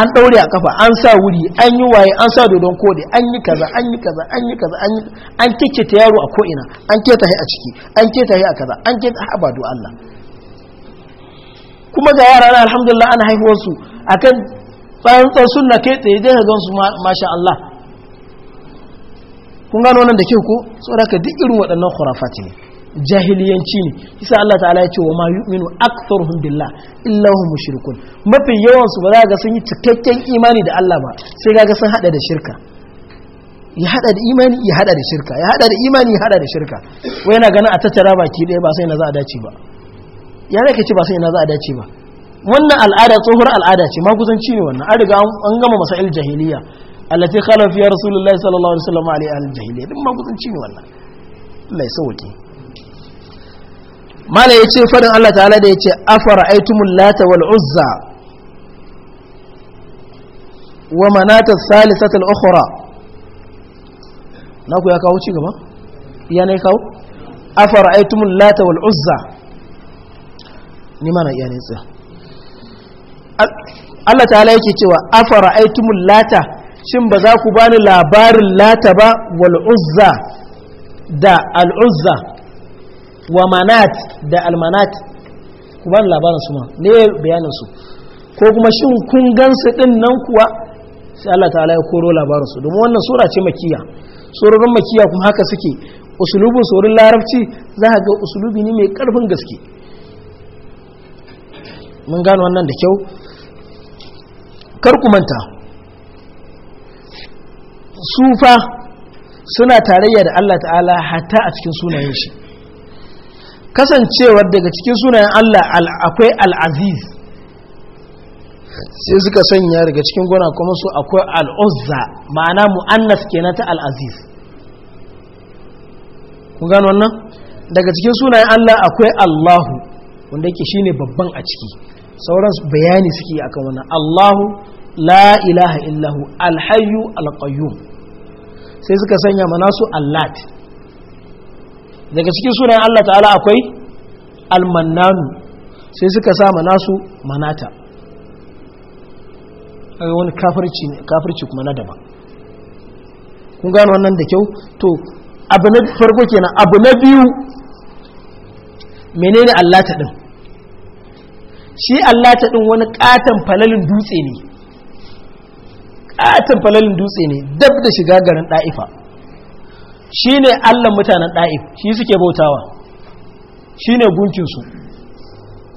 an ɗaure a kafa an sa wuri an yi waye an sa dodon kodi an yi kaza an yi kaza an yi kaza an kike ta yaro a ko'ina an ta a ciki an ta a kaza an ta haɓa abadu Allah kuma ga yara na alhamdulillah ana haihuwarsu akan tsantsan suna kai tsaye zai ga gansu masha Allah kun gano wannan da kyau ko saboda ka duk irin waɗannan khurafati ne jahiliyanci ne isa Allah ta'ala ya ce wa ma yu'minu aktharuhum billah illa hum mushrikun mafi yawan su ba za ga sun yi cikakken imani da Allah ba sai ga sun hada da shirka ya hada da imani ya hada da shirka ya hada da imani ya hada da shirka wai yana ganin a tattara baki ɗaya ba sai na za a dace ba ya ka ce ba sai na za a dace ba wannan al'ada tsohuwar al'ada ce maguzanci ne wannan an riga an gama masail jahiliya allati khala fiya rasulullahi sallallahu alaihi wasallam alaihi al-jahiliya din maguzanci ya sauke mala yace fadin Allah ta'ala da yace afara aitumul lata wal uzza wa manata salisata al-ukhra na ku ya kawo ci gaba iya ne kawo afara lata wal uzza ni mana iya Allah ta'ala yake cewa afara aitumul lata shin ba za ku bani labarin lata ba wal da al uzza wa manat da al manat ku bani labarin su ma ne bayanin su ko kuma shin kun gansu din nan kuwa sai Allah ta'ala ya koro labarin su domin wannan sura ce makiya surorin makiya kuma haka suke usulubin surorin larabci za ka ga usulubi ne mai karfin gaske mun gano wannan da kyau kar ku manta sufa suna tarayya da Allah ta'ala hata a cikin sunayen shi kasancewar daga cikin sunayen Allah akwai al'aziz sai suka sanya daga cikin gona kuma su akwai al'uzza ma'ana mu'annas kenan ta al'aziz kun gano wannan daga cikin sunayen Allah akwai Allahu wanda yake shine babban a ciki sauran bayani suke akan wannan Allahu la ilaha illahu alhayyu alqayyum sai suka sanya mana su allat daga cikin sunan Allah ta'ala akwai almannanu sai suka sa mana su manata wani kafirci kuma na daban kun gano wannan da kyau to abu na farko kenan abu na biyu menene allata din shi allata din wani katon falalin dutse ne katon falalin dutse ne dab da shiga garin ɗa'ifa shi ne allan mutanen ɗa'if shi suke bautawa shi ne gunkinsu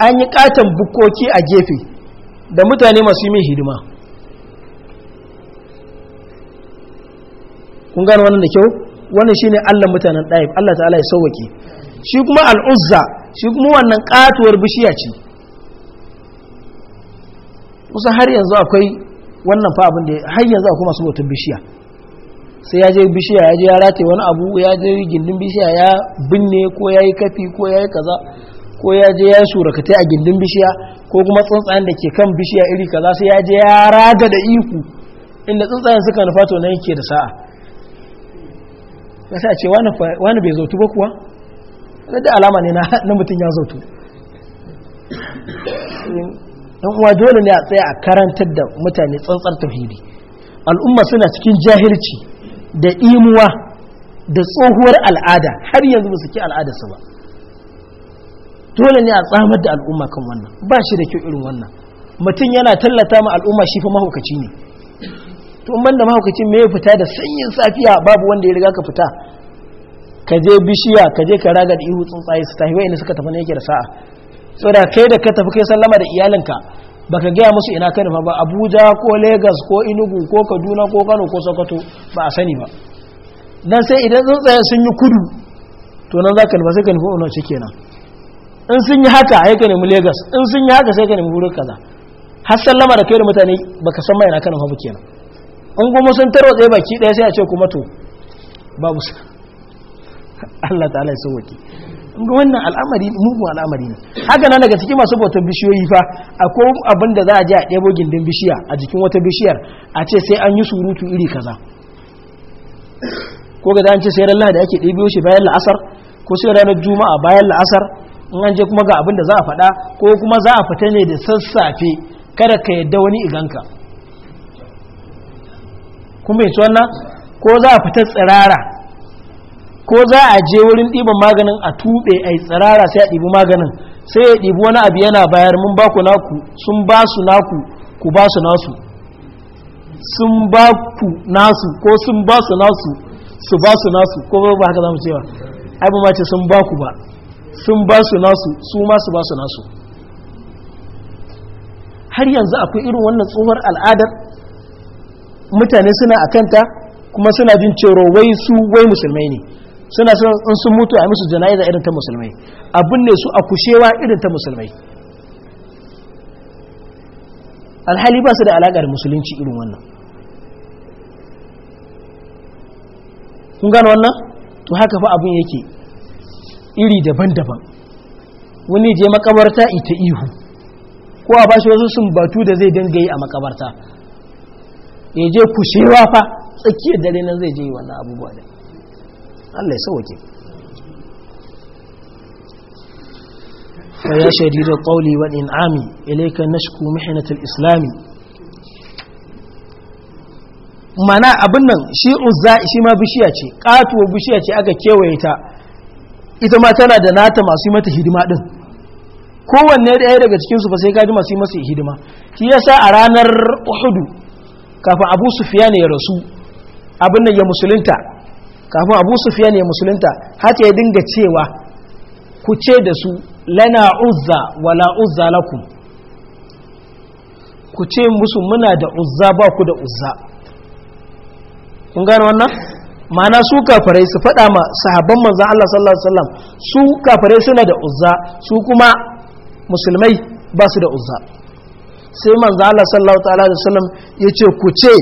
an yi katon bukoki a gefe da mutane masu yi hidima kun gano wannan da kyau wannan shine allon mutanen ɗaif Allah ta'ala ya sauwake shi kuma al'uzza shi kuma wannan katuwar bishiya ce kusa har yanzu akwai wannan fa abin da har yanzu akwai masu bautar bishiya sai ya je bishiya ya je ya rate wani abu ya je gindin bishiya ya binne ko ya yi kafi ko ya yi kaza ko ya je ya surakata a gindin bishiya ko kuma tsuntsayen da ke kan bishiya iri kaza sai ya je ya raga da iku inda tsuntsayen suka nufa to nan yake da sa'a ya sa ce wani bai zautu ba kuwa da alama ne na mutum ya zautu yan uwa dole ne a tsaya a karantar da mutane tsantsar tauhidi al'umma suna cikin jahilci da imuwa da tsohuwar al'ada har yanzu ba su ki al'ada su ba dole ne a tsamar da al'umma kan wannan ba shi da kyau irin wannan mutum yana tallata ma al'umma shi fa mahaukaci ne to in banda mahaukaci me ya fita da sanyin safiya babu wanda ya riga ka fita ka je bishiya ka je ka raga da ihu tsuntsaye su tafi wayanda suka tafi ne yake da sa'a da kai da ka tafi kai sallama da iyalinka baka gaya musu ina ka nufa ba abuja ko lagos ko inugu ko kaduna ko kano ko sokoto ba a sani ba nan sai idan tsuntsaye sun yi kudu to nan za ka nufa sai ka nufi ono kenan in sun yi haka a ka nemi lagos in sun yi haka sai ka nemi wurin kaza har sallama da kai da mutane baka san mai na kan nufa ba kenan in kuma sun tarwatsa baki ɗaya sai a ce kuma to babu <laughs> Allah ta'ala ya waki. wannan al'amari mugun al'amari ne haka nan daga cikin masu bautar bishiyoyi fa akwai abin da za a je a ɗebo gindin bishiya a jikin wata bishiyar a ce sai an yi surutu iri kaza ko ga an ce sai ran lahadi ake ɗebo shi bayan la'asar ko sai ranar juma'a bayan la'asar in an je kuma ga abin da za a faɗa ko kuma za a fita ne da sassafe kada ka yadda wani iganka kuma ya wannan ko za a fita tsirara ko za a je wurin ɗiban maganin a tuɓe a yi tsirara sai a ɗibi maganin sai ya ɗibi wani abu yana bayar mun ba ku naku sun ba su naku ku ba su nasu sun ba ku nasu ko sun ba su nasu su ba su nasu ko ba haka za mu cewa ai ba ce sun ba ku ba sun ba su nasu su ma su ba su nasu har yanzu akwai irin wannan tsohuwar al'adar mutane suna a kanta kuma suna jin cewa wai su wai musulmai ne suna son in sun mutu a musu jana'iza irin ta musulmai abin ne su a kushewa irin ta musulmai alhali ba su da alaƙa musulunci irin wannan kun gano wannan to haka fa abin yake iri daban-daban wani je makabarta ita ihu ko a bashi wasu sun batu da zai dinga yi a makabarta ya je kushewa fa tsakiyar dare nan zai je wannan abubuwa da Allah ya sauke ya shadid alqawli wa in'ami ilayka nashku mihnat alislam mana abin nan shi uzza shi ma bishiya ce katuwa bishiya ce aka kewaye ta ita ma tana da nata masu mata hidima din kowanne ɗaya daga cikinsu ba sai kaji masu yi masu hidima shi sa a ranar uhudu kafin abu sufiya ne ya rasu abin nan ya musulunta kafin abu sufiya ne musulunta haka ya dinga cewa ku ce da su lana uzza wala uzza lakum ku ce musu muna da uzza ba ku da uzza kun gano wannan ma'ana su kafirai su faɗa ma sahabban manzan Allah sallallahu alaihi wasallam su kafirai suna da uzza su kuma musulmai ba su da uzza sai manzan Allah sallallahu alaihi wasallam ya ce ku ce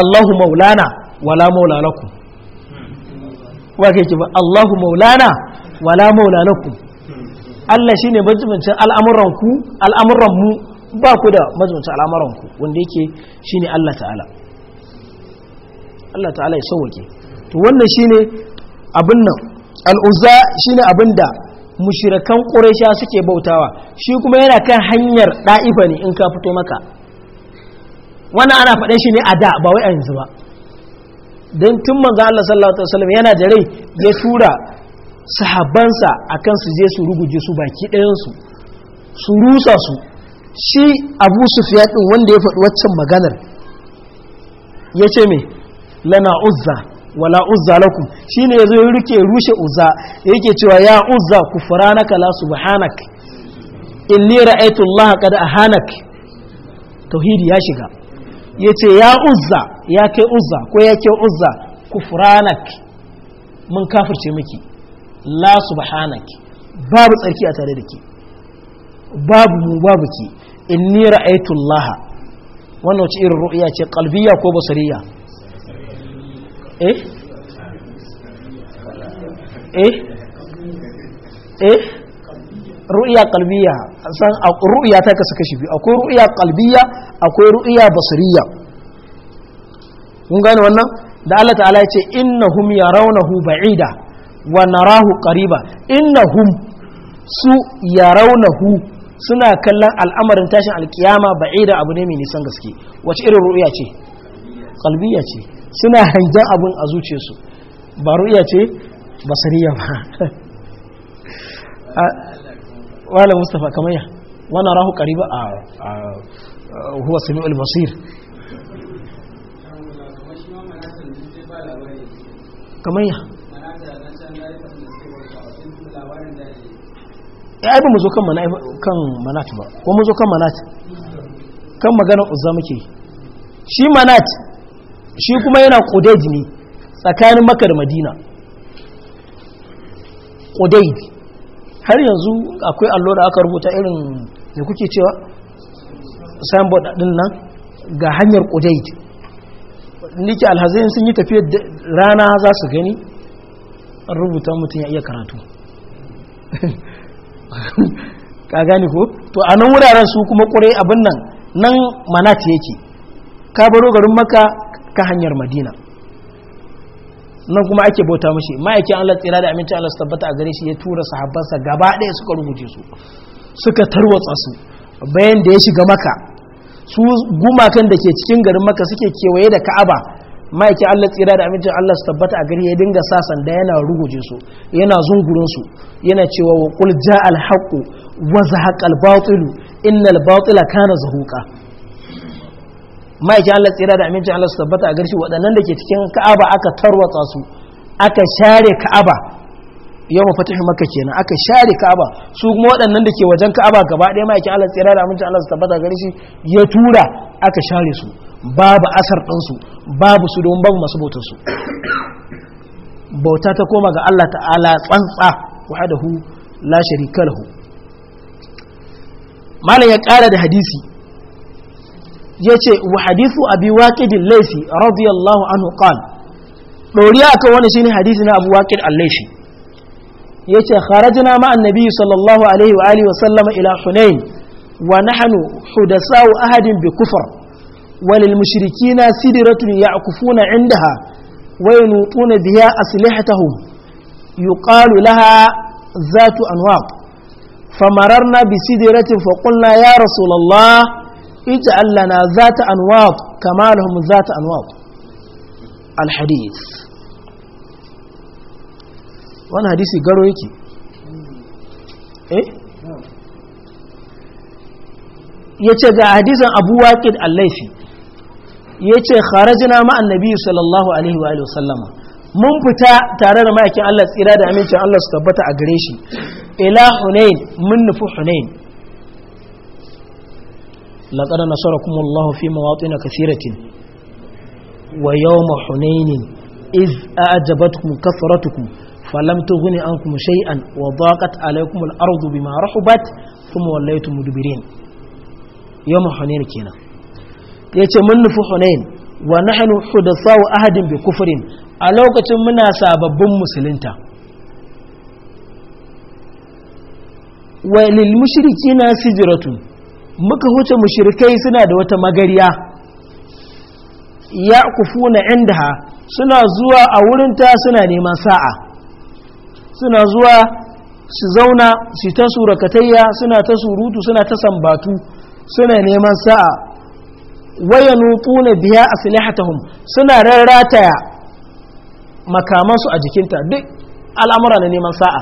Allahu maulana wala maula lakum Wake kai ki ba Allahu maulana wala maula Allah shine majibincin al'amuran ku al'amuran mu ba ku da majibincin al'amuran ku wanda yake shine Allah ta'ala Allah ta'ala ya sauke to wannan shine abin nan al'uzza shine abin da mushrikan quraisha suke bautawa shi kuma yana kan hanyar da'ifa ne in ka fito maka wannan ana faɗin shi ne a da ba wai a yanzu ba don tun manzo Allah sallallahu alaihi wasallam yana da rai ya tura sahabbansa akan su je su ruguje su baki ɗayansu su su rusa su shi Abu Sufyan din wanda ya faɗi waccan maganar yace me lana uzza wala uzza lakum shine yazo ya rike rushe uzza yake cewa ya uzza kufranaka la subhanak inni ra'aytu Allah qad ahanak tauhidi ya shiga yace ya uzza ya kai uzza ko ya ke uzza kufranak mun kafirce miki la subhanak babu tsarki a tare da ke babu mu babu ki inni ra'aytu Allah wannan ce irin ru'ya ce qalbiyya ko basariya eh eh eh ru'ya qalbiyya san ru'ya ta kasu kashi biyu akwai ru'ya qalbiyya akwai ru'ya basariya kun gane wannan da Allah ta'ala ya ce innahum yarawnahu ba'ida wa narahu qariba innahum su yarawnahu suna kallon al'amarin tashin alkiyama ba'ida abu ne mai nisan gaske wace irin ru'ya ce qalbiyya ce suna hangen abun a zuciyarsu ba ru'ya ce basariya ba wala <laughs> mustafa kamar ya wa narahu qariba a huwa sami'ul basir kamar ya ya aibu mu zo kan manat ba ko mu zo kan manat kan maganar uzza muke shi manat shi kuma yana kudaid ne tsakanin makar madina kudaid har yanzu akwai allo da aka rubuta irin da kuke cewa signboard din nan ga hanyar kudaid nike alhazin sun yi tafiya rana za su gani an rubuta mutum ya iya karatu <laughs> ka gani ko to a nan wuraren su kuma kure abin nan nan manat yake ka baro garin maka ka hanyar madina nan kuma ake bauta mashi ma'aikin allah tsira da amincin allah su tabbata a gare shi ya tura sahabbansa gaba ɗaya suka rubuce su suka tarwatsa su bayan da ya shiga maka su gumakan da ke cikin garin maka suke kewaye da ka'aba ma'aikin allah tsira da amincin allah su tabbata a gari ya dinga sa sanda yana ruguje su yana zungurin su yana cewa wa qul ja'a al haqqu wa zahaqa al batil innal batila kana zahuqa ma'aikin allah tsira da amincin allah su tabbata a gari waɗannan da ke cikin ka'aba aka tarwatsa su aka share ka'aba yau tafi maka kenan aka share ka'aba su kuma waɗannan da ke wajen ka'aba gaba ɗaya ma'aikin Allah tsira da amince Allah su tabbata gari shi ya tura aka share su babu asar ɗinsu babu su don babu masu bautar su bauta ta koma ga Allah ta'ala tsantsa hu la sharika lahu malam ya ƙara da hadisi ya yace wa hadithu abi waƙidin laifi radiyallahu anhu qala doriya akan wani shine hadisi na abu waqid al laifi. yace kharajna ma annabi sallallahu alaihi wa alihi wa sallama ila hunain wa nahnu hudasau ahadin bi kufr wa lil mushrikina sidratun ya'kufuna indaha wa yanutuna biha aslihatahum yuqalu laha zatu anwaq فمررنا بسدرة فقلنا يا رسول الله اجعل لنا ذات أنواط كما لهم ذات al hadith wani hadisi garo yake eh ya ce ga hadisan abu waƙid allaifi ya ce kharajina ma'an nabi sallallahu alaihi wa sallama mun fita tare da ma'aikin allah tsira da amincin allah su tabbata a gare shi ila hunain mun nufi hunain لقد نصركم الله في مواطن كثيرة ويوم iz إذ أعجبتكم كثرتكم falam tughni ankum shay'an wa daqat alaykum al-ardu bima rahubat thumma wallaytum mudbirin yawm yace mun nufi hunain wa nahnu hudathau ahadin bi kufrin a lokacin muna sababbin musulunta wa lil mushrikina sijratun muka huce mushrikai suna da wata magariya ya kufuna indaha suna zuwa a wurinta suna neman sa'a suna zuwa su zauna su ta surakatayya suna ta surutu suna ta sambatu suna neman sa'a waya nutuna biya a aslihatahum suna rarrataya makamansu a jikinta duk al'amura na neman sa'a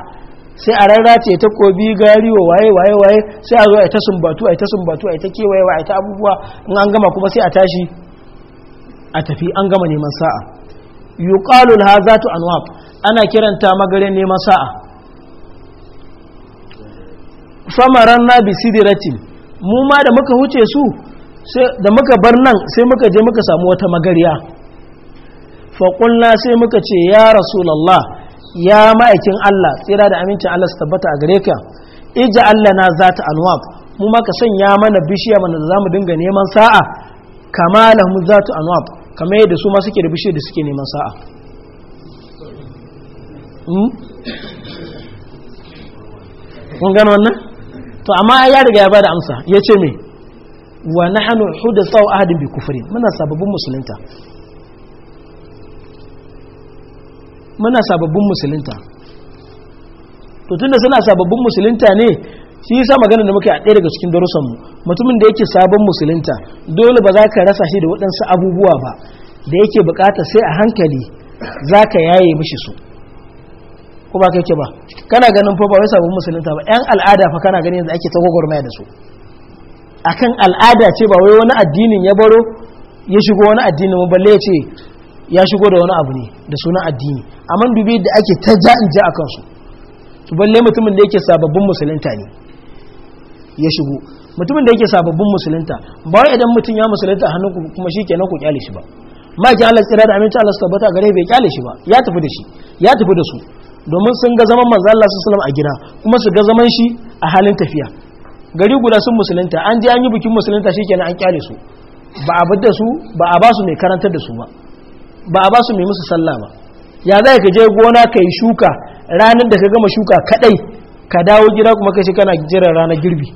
sai a rarrace takobi gari wa waye waye waye sai a zo a ta sumbatu a ta sumbatu a ta kewaye wa a ta abubuwa in an gama kuma sai a tashi a tafi an gama neman sa'a yuqalu hazatu anwab ana kiranta magare ne masa'a famaran na bi sidiratin mu ma da muka huce su da muka bar nan sai muka je muka samu wata magariya faƙulla sai muka ce ya rasulallah ya ma'aikin Allah tsira da amincin Allah su tabbata a gare ka ija Allah na za ta anwab mu ma ka sanya mana bishiya mana da za mu dinga neman sa'a kama lahum za ta anwab kamar yadda su ma suke da bishiyar da suke neman sa'a kun hmm? gano wannan to amma ya riga ya bada amsa ya ce me wa nahnu hudathu ahadin bi kufri muna sababbin musulunta muna sababbin musulunta to tunda suna sababbin musulunta ne shi yasa magana da muke a ɗaya daga cikin darussan mutumin da yake sabon musulunta dole ba za ka rasa shi da waɗansu abubuwa ba da yake bukata sai a hankali za ka yaye mishi su ko ba kai ke ba kana ganin fa ba wai sabon musulunta ba yan al'ada fa kana ganin yanzu ake ta gwagwarmaya da su akan al'ada ce ba wai wani addinin ya baro ya shigo wani addinin ba balle ya ce ya shigo da wani abu ne da sunan addini amma dubi da ake ta ja in ja akan su to balle mutumin da yake sababbin musulunta ne ya shigo mutumin da yake sababbin musulunta ba wai idan mutum ya musulunta hannun ku kuma shikenan ku kyale shi ba ma ki Allah tsira da aminci Allah su tabbata gare bai kyale shi ba ya tafi da shi ya tafi da su domin sun ga zaman manzo Allah sallallahu a gida kuma su ga zaman shi a halin tafiya gari guda sun musulunta an je an yi bikin musulunta shikenan an kyale su ba a bada su ba a ba su mai karantar da su ba ba a ba mai musu sallah ba ya zai ka je gona ka yi shuka ranar da ka gama shuka kadai ka dawo gida kuma ka shi kana jira ranar girbi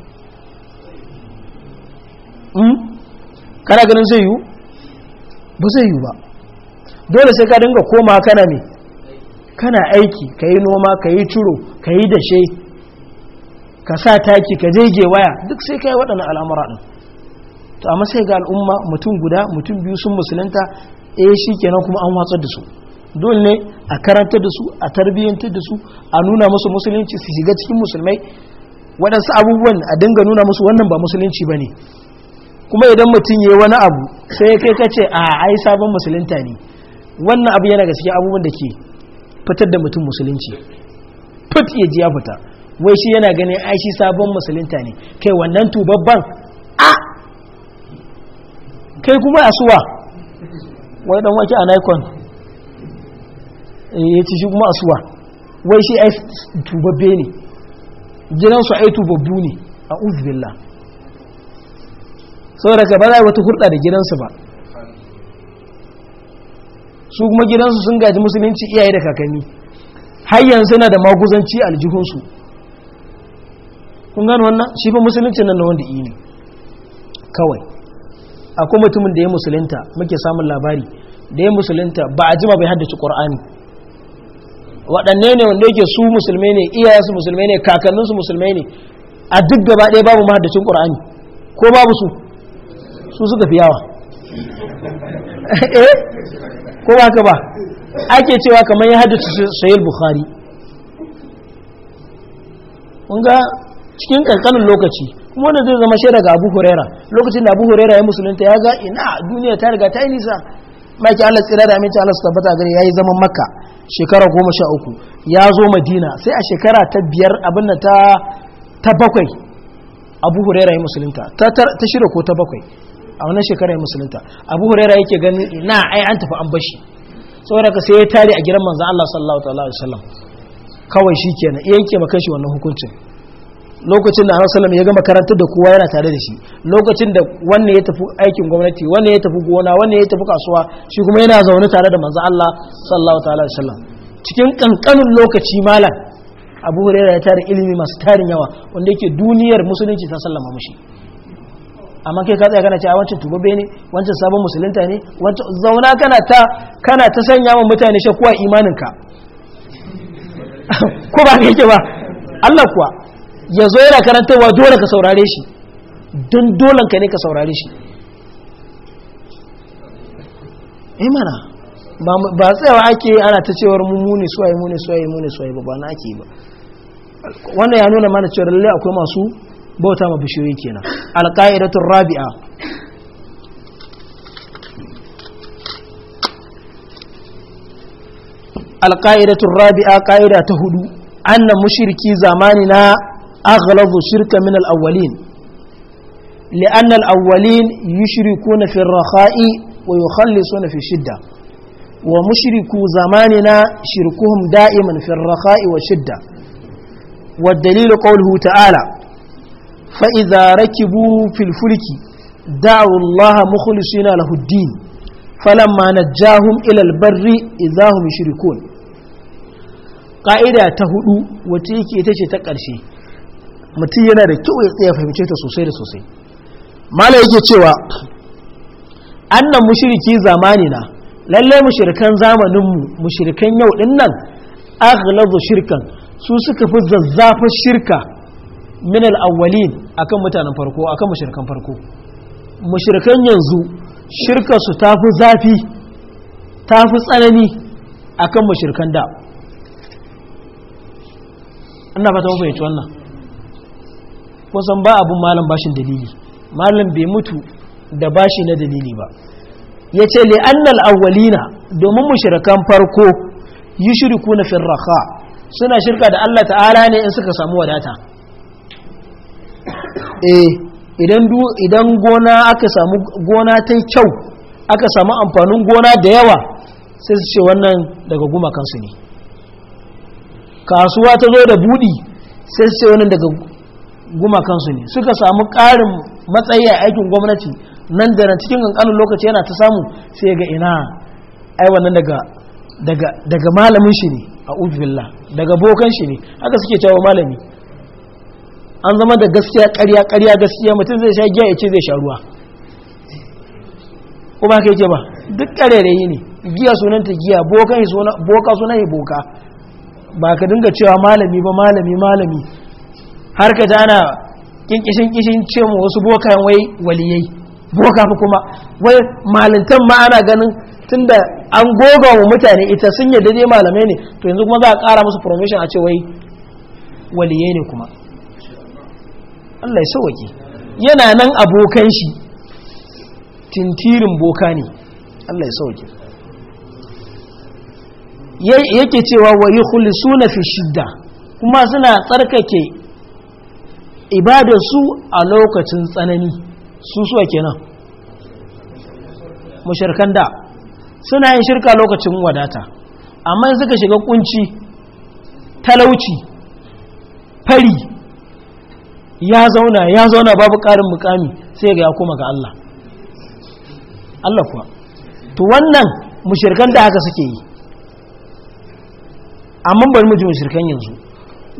hmm? kana ganin zai yiwu ba zai yiwu ba dole sai ka dinga koma kana ne kana aiki ka yi noma ka yi ciro ka yi dashe ka sa taki ka jege waya duk sai ka yi waɗannan al'amura ɗin to amma sai ga al'umma mutum guda mutum biyu sun musulunta eh shi kenan kuma an watsar da su dole ne a karantar da su a tarbiyyantar da su a nuna musu musulunci su shiga cikin musulmai waɗansu abubuwan a dinga nuna musu wannan ba musulunci ba ne kuma idan mutum ya yi wani abu sai kai ka ce a ai sabon musulunta ne wannan abu yana gaske abubuwan da ke fitar da mutum musulunci fit ya ji ya fita wai shi yana ganin ai shi sabon musulunta ne kai wannan tubabban a kai kuma asuwa wai dan wake a nikon eh, ya ci shi kuma asuwa wai shi ai tubabbe ne gidansu ai tubabbu ne a uzbillah saboda ka ba za wata hurɗa da gidansu ba su kuma gidansu sun gaji musulunci iyaye da kakanni har yanzu yana da maguzanci aljihunsu kun gano wannan shi fa musulunci nan na wanda yi ne kawai akwai mutumin da ya musulunta muke samun labari da ya musulunta ba a jima bai haddace qur'ani waɗanne ne wanda yake su musulmai ne iyayensu musulmai ne kakanninsu musulmai ne a duk gaba ɗaya babu mahaddacin qur'ani ko babu su su suka fi yawa <laughs> eh? ko ba ka ba ake cewa kamar ya haddace sayil bukhari ga cikin kankanin lokaci kuma wanda zai zama shi daga abu huraira lokacin da abu huraira ya musulunta ya ga ina duniya ta riga ta yi nisa maki allah tsira da amince allah su tabbata gani ya yi zaman makka shekara goma sha uku ya zo madina sai a shekara ta biyar abin ta ta bakwai abu huraira ya musulunta ta shida ko ta bakwai a wannan shekara ya musulunta abu huraira yake gani na ai an tafi an bashi saboda ka sai ya tare a gidan manzo Allah sallallahu alaihi wasallam kawai shikenan ke maka shi wannan hukuncin lokacin da annabi sallallahu ya gama makarantar da kowa yana tare da shi lokacin da wannan ya tafi aikin gwamnati wannan ya tafi gona wannan ya tafi kasuwa shi kuma yana zaune tare da manzo Allah sallallahu alaihi wasallam cikin kankanin lokaci malam abu huraira ya tare ilimi masu tarin yawa wanda yake duniyar musulunci ta sallama mushi amma kai ka tsaya kana ce a wancan tubabbe ne wancan sabon musulunta ne zauna kana ta kana ta sanya wa mutane shakkuwa imaninka <laughs> ko ba ka yake ba Allah kuwa ya zo yana karantarwa dole ka saurare shi don dolan ka ne ka saurare shi imana eh ba tsayawa ake ana ta cewar mummuni suwaye muni suwaye muni suwaye ba ba na ake ba wannan ya nuna mana cewa lallai akwai masu bauta ma bishiyoyi kenan alƙa'idatun rabi'a alƙa'idatun rabi'a ƙa'ida ta hudu anna mushriki zamanina aghlabu shirka min al-awwalin لأن الأولين يشركون في الرخاء ويخلصون في الشدة ومشركو زماننا شركهم دائما في الرخاء والشدة والدليل قوله تعالى fa'iza rakibu filfulki da'ullaha mukhlisina lahuddin falamma najjahum ila albarri idahum yushrikun ƙa'ida ta huɗu, wacce yake ita ce ta ƙarshe mutum yana da kyau ya tsaya fahimce ta sosai da sosai mala yake cewa annan mushriki zamanina lallai mushrikan zamaninmu mushrikan yau din nan aghlazu shirkan su suka fi zazzafar shirka min al’awwalin a akan mutanen farko akan mashirkan farko mashirkan yanzu shirkarsu su fi zafi ta fi tsanani akan mashirkan da ina fata mun fahimci wannan kusan ba abun malam bashin dalili malam bai mutu da bashi na dalili ba ya ce li'annal awwalina domin mashirkan farko yi shirku na firraka suna shirka da Allah ta'ala ne in suka samu wadata eh idan gona aka samu gona ta kyau aka samu amfanin gona da yawa sai su ce wannan daga gumakansu ne kasuwa ta zo da budi sai su ce wannan daga gumakansu ne suka samu ƙarin matsayi a aikin gwamnati nan da nan cikin kankanin lokaci yana ta samu sai ga ina ai wannan daga malamin shi ne a daga bokan shi ne haka suke cewa malami an zama da gaskiya ƙarya ƙarya gaskiya mutum zai sha giya ya ce zai sha ruwa ko ba ka yake ba duk ƙare da yi ne giya sunanta giya boka sunan yi boka ba ka dinga cewa malami ba malami malami har ka ta ana kinkishin kishin ce mu wasu bokan wai waliyai boka fa kuma wai malintan ma ana ganin tunda an goga wa mutane ita sun yadda dai malamai ne to yanzu kuma za a kara masu promotion a ce wai waliyai ne kuma Allah ya sauwaƙe yana nan abokan shi tintirin boka ne Allah ya sauwaƙe yake cewa wayi huli suna fi shidda kuma suna tsarkake ibadarsu a lokacin tsanani su suwa kenan mashirkan da suna yin shirka lokacin wadata amma suka shiga kunci talauci fari ya zauna ya zauna babu ƙarin mukami sai ga ya koma ga Allah Allah kuwa to wannan mushirkan da haka suke yi amma bari mu ji mushirkan yanzu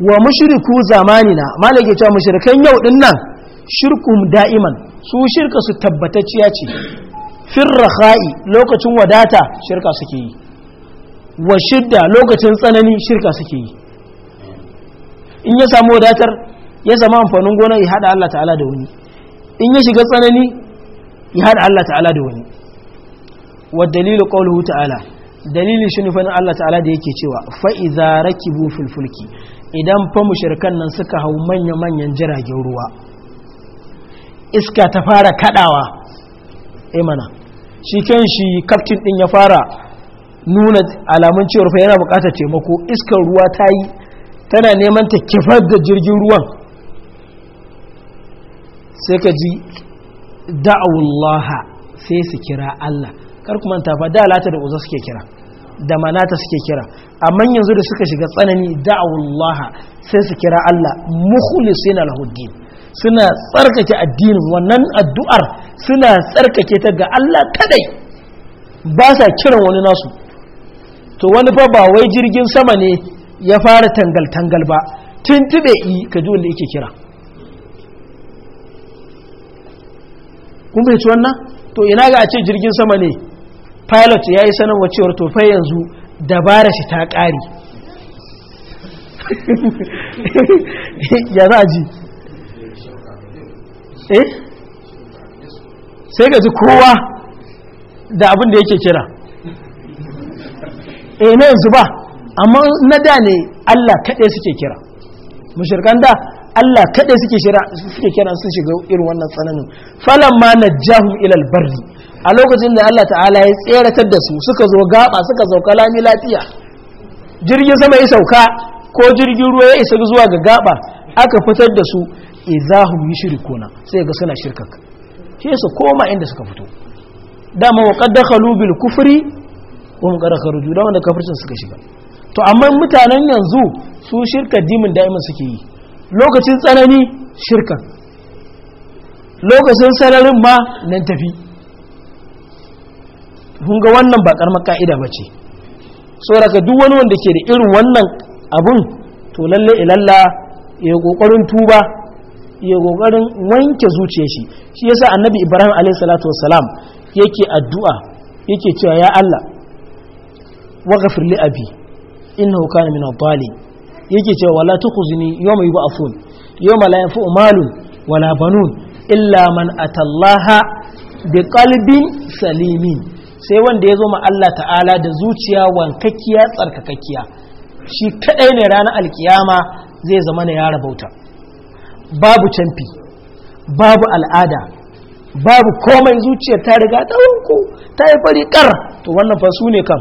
wa mushriku zamanina malaka cewa mushirkan yau din nan shirkum da'iman su shirka su tabbatacciya ce firraha'i lokacin wadata shirka suke yi wa shidda lokacin tsanani shirka suke yi in ya samu wadatar ya zama amfanin gona ya hada Allah ta'ala da wani in ya shiga tsanani ya hada Allah ta'ala da wani wa dalilu qawluhu ta'ala dalili shine fa Allah ta'ala da yake cewa fa raki rakibu fil fulki idan fa mushrikan nan suka hau manya manyan jiragen ruwa iska ta fara kadawa eh mana shi kan shi captain din ya fara nuna alamun cewar fa yana bukatar taimako iskar ruwa ta yi tana neman ta kifar da jirgin ruwan sai ka ji da'awullaha sai su kira Allah kar kuma ta fa dalata da uza suke kira da manata suke kira amma yanzu da suka shiga tsanani da'awullaha sai su kira Allah mukhlisina lahuddin suna tsarkake addinin wannan addu'ar suna tsarkake ta ga Allah kadai ba sa kiran wani nasu to wani fa ba wai jirgin sama ne ya fara tangal tangal ba tuntube yi ka ji wanda yake kira kun fahimci wannan to ina ga a ce jirgin sama ne pilot ya yi sanarwa cewar tofai yanzu dabara shi ta ƙari <laughs> ya za a ji eh sai ka ji kowa da abin da yake kira eh na yanzu ba amma na da ne Allah kaɗai suke kira mashirkan da Allah kadai suke shira suke kira sun shiga irin wannan tsananin falan ma najjahum ilal barri a lokacin da Allah ta'ala ya tseratar da su suka zo gaba suka sauka lami lafiya jirgin sama ya sauka ko jirgin ruwa ya isa zuwa ga gaba aka fitar da su izahum yushrikuna sai ga suna shirkak sai su koma inda suka fito dama wa qad dakhalu bil kufri wa mun qara kharuju da wanda kafircin suka shiga to amma mutanen yanzu su shirka dimin da'imin suke yi lokacin tsanani shirkan lokacin sararin ma nan tafi hunga wannan ba maka'ida ka'ida ba ce tsoraka duk wani wanda ke da irin wannan abun to lalle ilalla ya kokarin tuba ya kokarin wanke zuciyar shi shi yasa annabi ibrahim alaihi salatu wassalam yake addu'a yake cewa ya Allah waghfir li abi innahu kana min ad yake cewa wala tukhzini yawma yub'athun yawma la yanfa'u malun wala banun illa man atallaha bi qalbin salimin sai wanda ya zo ma Allah ta'ala da zuciya wankakkiya tsarkakkiya shi kadai ne ranar alkiyama zai zama na ya rabauta babu canfi babu al'ada babu komai zuciyar ta riga ta wanko ta yi fari kar to wannan fa su kan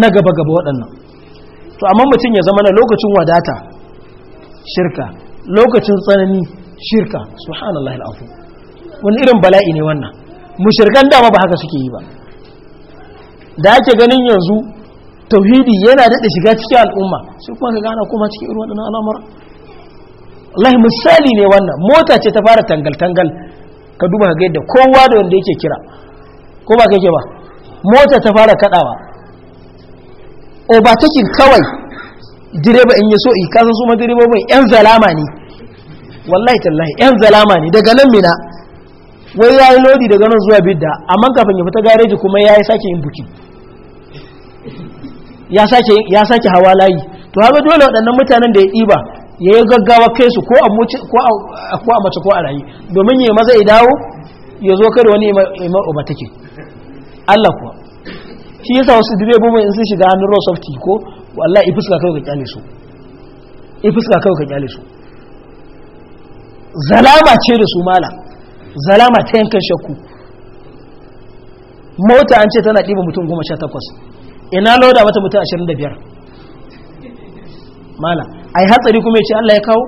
na gaba gaba waɗannan to amma mutum ya zama na lokacin wadata shirka lokacin tsanani shirka subhanallahi al'afu wani irin bala'i ne wannan mushirkan dama ba haka suke yi ba da ake ganin yanzu tauhidi yana daɗe shiga cikin al'umma sai kuma ka gana kuma cikin irin waɗannan al'amura Allah misali ne wannan mota ce ta fara tangal-tangal ka duba ga yadda kowa da wanda yake kira ko ba kake ba mota ta fara kaɗawa overtaking kawai direba in ya so yi kasan su ma direbobin yan zalama ne wallahi tallahi yan zalama ne daga nan mina wai ya yi lodi daga nan zuwa bidda amma kafin ya fita gareji kuma ya yi sake yin buki ya sake hawa layi to haka dole waɗannan mutanen da ya ɗiba ya yi gaggawa kai su ko a mace ko a rayu domin ya maza ya dawo ya zo kada wani ya take Allah kuwa shi yasa wasu direbobin in sun shiga hannun road safety ko wallahi ifuska kawai ka kyale su ifuska kawai ka kyale su zalama ce da su mala zalama ta yankan shakku mota an ce tana ɗiba mutum goma sha takwas ina lauda mata mutum ashirin da biyar mala a yi hatsari kuma ya ce allah ya kawo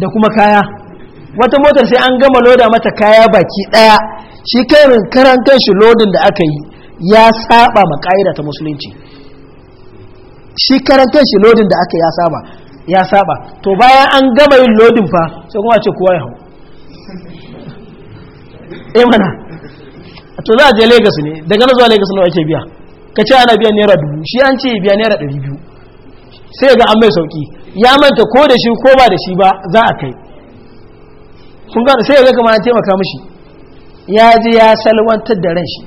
da kuma kaya wata motar sai an gama loda mata kaya baki ɗaya shi karin karantar kan shi lodin da aka yi ya saba ma ka'ida ta musulunci shi karan kan shi lodin da aka ya saba ya saba to bayan an gama yin lodin fa sai kuma ce kowa ya hau eh mana to za a je Lagos ne daga na zuwa Lagos nawa ake biya ka ce ana biya naira dubu shi an ce biya naira ɗari biyu sai ga an mai sauki ya manta ko da shi ko ba da shi ba za a kai kun gane sai ya ga kamar an taimaka mishi ya ji ya salwantar da ran shi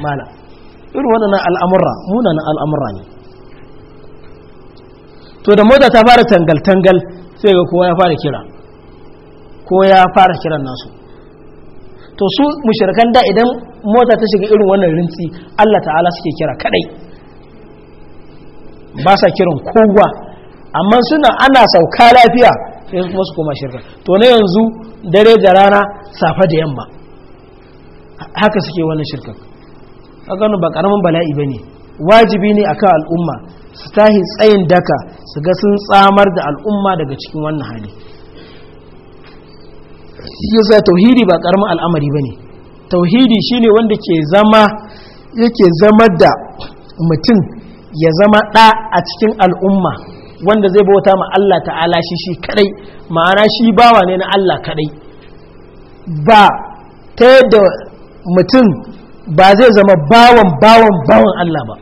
mala irin waɗannan al'amurra munanan al'amurra ne to da mota ta fara tangal-tangal sai ga kowa ya fara kira ko ya fara kiran nasu to su mushirkan da idan mota ta shiga irin wannan rintsi Allah ta'ala suke kira kadai ba sa kiran kowa amma suna ana sauka lafiya sai kuma su koma shirka to na yanzu dare da rana safa da yamma haka suke wannan shirkan gano ba karamin bala'i bane wajibi ne akan al'umma su tahi tsayin daka su ga sun tsamar da al'umma daga cikin wannan hali yasa tauhidi ba karamin al'amari ba ne tauhidi shine wanda ke zama yake zama da mutum ya zama ɗa a cikin al'umma wanda zai bauta ma Allah ta'ala shi shi kadai ma'ana shi bawa ne na Allah kadai ba ta yadda mutum ba zai zama bawan bawan bawan Allah ba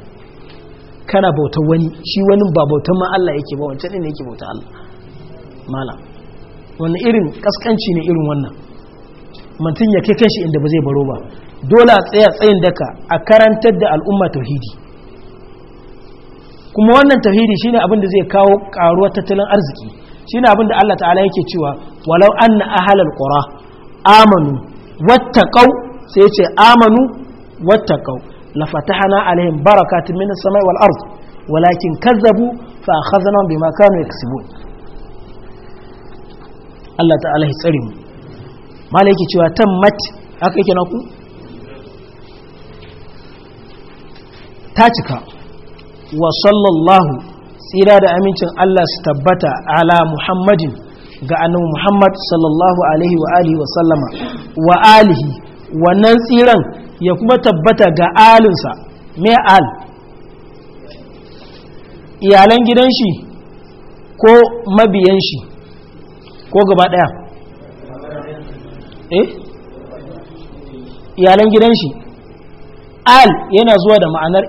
kana bauta wani shi wani ba bautan ma Allah yake ba wancan ne yake bauta Allah malam wani irin kaskanci ne irin wannan mutum ya kai kanshi inda ba zai baro ba dole a tsaya tsayin daka a karantar da al'umma tauhidi kuma wannan tauhidi shine abin da zai kawo karuwar tattalin arziki shine abin da Allah ta'ala yake cewa walau anna ahlal qura amanu wattaqau sai ce amanu wattaqau la fatahna alaihim barakatin minas samai wal ard walakin kazzabu fa akhadnahum bima kanu yaksibun Allah ta'ala ya tsare mu malaki cewa tammat haka yake na ku ta cika wa sallallahu tsira da amincin Allah su tabbata ala muhammadin ga annabi muhammad sallallahu alaihi wa alihi wa sallama wa alihi wannan tsiran ya kuma tabbata ga alinsa mai al iyalan gidan shi ko mabiyan shi ko gaba daya eh iyalan gidan shi al yana zuwa da ma'anar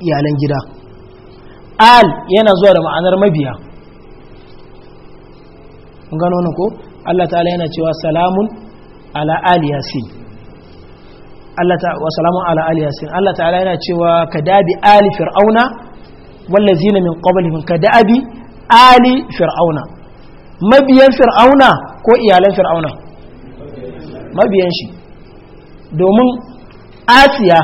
iyalan gida al yana zuwa da ma'anar mabiya gano ko Allah ta'ala yana cewa salamun ala al yasin Allah ta wa salamu ala ali yasin Allah ta'ala yana cewa ka dabi ali fir'auna wallazina min qablihim ka dabi ali fir'auna mabiyan fir'auna ko iyalan fir'auna mabiyan shi domin asiya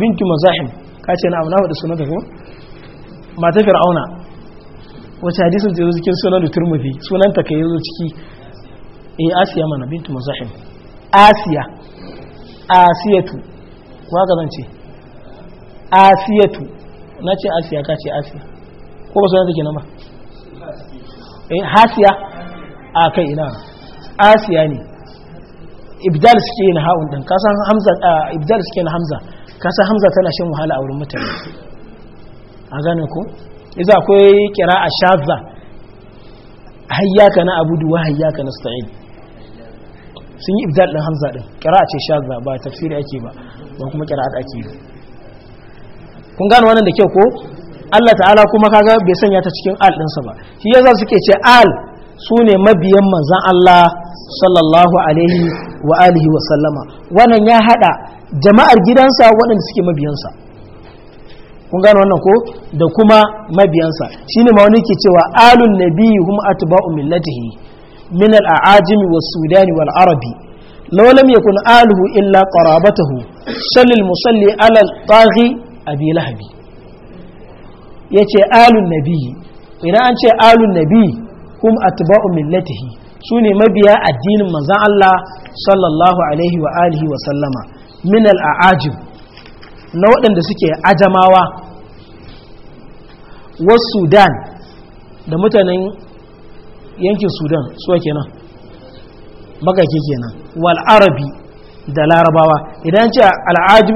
bintu mazahim ka ce na abu na faɗi sunanta ko mata fir'auna wace hadisin ta zo cikin sunan turmudi sunanta ka yi zo ciki eh asiya mana bintu mazahim asiya asiyatu ko haka zan ce asiyatu na ce asiya ka ce asiya ko ba sunan take nama, eh hasiya a kai ina asiya ne ibdal suke yin ha'un din ka san hamza ibdal suke na hamza ka san hamza tana shan wahala a wurin mutane a gane ko idan akwai kira a shazza hayyaka na abudu wa hayyaka na sta'in sun yi ibdal din hamza din a ce shaza ba tafsiri ake ba ba kuma qira'at ake ba. kun gane wannan da kyau ko Allah ta'ala kuma kaga bai sanya ta cikin al sa ba shi yasa suke ce al su ne mabiyan manzan Allah sallallahu alaihi wa alihi wa sallama wannan ya hada jama'ar gidansa waɗanda suke mabiyansa kun gane wannan ko da kuma mabiyansa shine ma wani ke cewa alun nabiyyi hum atba'u millatihi min al'ajimi wa sudani wal arabi law lam yakun aluhu illa qarabatahu sallil musalli ala taghi abi lahabi yace alun nabi Ina an ce alun nabi hum atba'u millatihi sune mabiya addinin manzon Allah sallallahu alaihi wa alihi wa sallama min al'ajim na waɗanda suke ajamawa wa sudan da mutanen yankin sudan suwa kenan bakake kenan wal arabi da larabawa idan ce al'ajib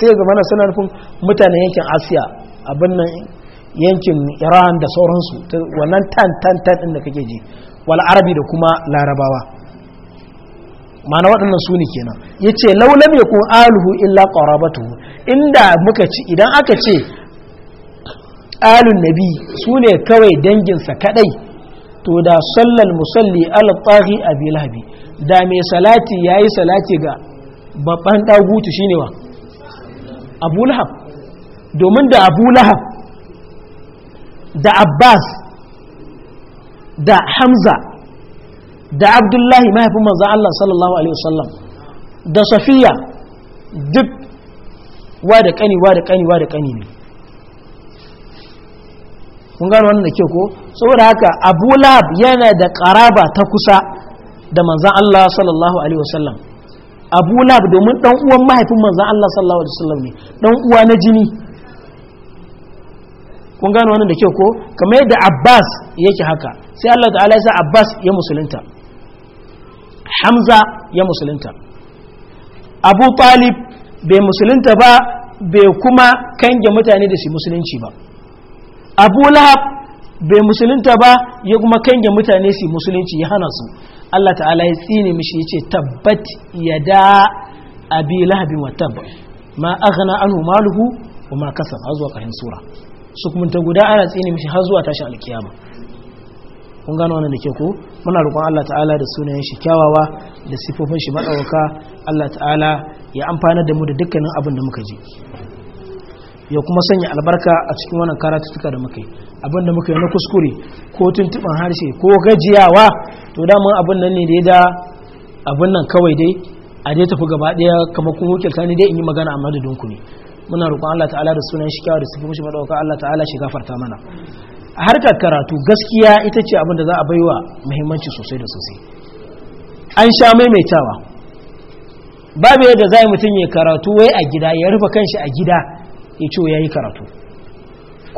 sai ga na suna nufin mutanen yankin asiya abin nan yankin iran da sauransu wannan tan tan tan din da kake ji wal arabi da kuma larabawa mana waɗannan su kenan ya ce laulam ya kun aluhu illa tuhu inda muka ci idan aka ce alun nabi su ne kawai danginsa kaɗai to da sallal musalli ala a abi lahabi da mai salati yayi salati ga babban shi shine wa abu lahab domin da abu lahab da abbas da hamza da abdullahi mahaifin manzo Allah sallallahu alaihi wasallam da safiya duk wa da wa da kani wa da kani ne kun gano wannan da ke ko saboda haka abu lahab yana da karaba ta kusa da manzan allah sallallahu alaihi wasallam abu lahab domin dan uwan mahaifin manzan allah sallallahu alaihi wasallam ne dan uwa na jini kun gano wannan da ke ko kamar yadda abbas yake haka sai allah ta'ala ya sa abbas ya musulunta hamza ya musulunta abu talib bai musulunta ba bai kuma kange mutane da su musulunci ba abu lahab bai musulunta ba ya kuma kange mutane su musulunci ya hana su Allah ta'ala ya tsine mishi ya ce tabbat ya da abi lahabin wa tabb ma aghna anhu maluhu wa ma kasab azwa zuwa sura su kuma ta guda ana tsine mishi har zuwa tashi alkiyama kun gano wannan da ke ko muna roƙon Allah ta'ala da sunayen shi kyawawa da sifofin shi madawaka Allah ta'ala ya amfana da mu da dukkanin abin da muka je. ya kuma sanya albarka a cikin wannan karatuttuka da muka yi abin da muka yi na kuskure ko tuntuɓin harshe ko gajiyawa to dama abin nan ne da ya da abin nan kawai dai a dai tafi gaba ɗaya kamar kun wakilta ne dai in yi magana amma da dunku ne muna roƙon Allah ta'ala da sunan shi da sifin shi madauka Allah ta'ala shi gafarta mana harkar karatu gaskiya ita ce abin da za a baiwa muhimmanci sosai da sosai an sha maimaitawa babu yadda za mutum ya karatu wai a gida ya rufe kanshi a gida ya ce ya yi karatu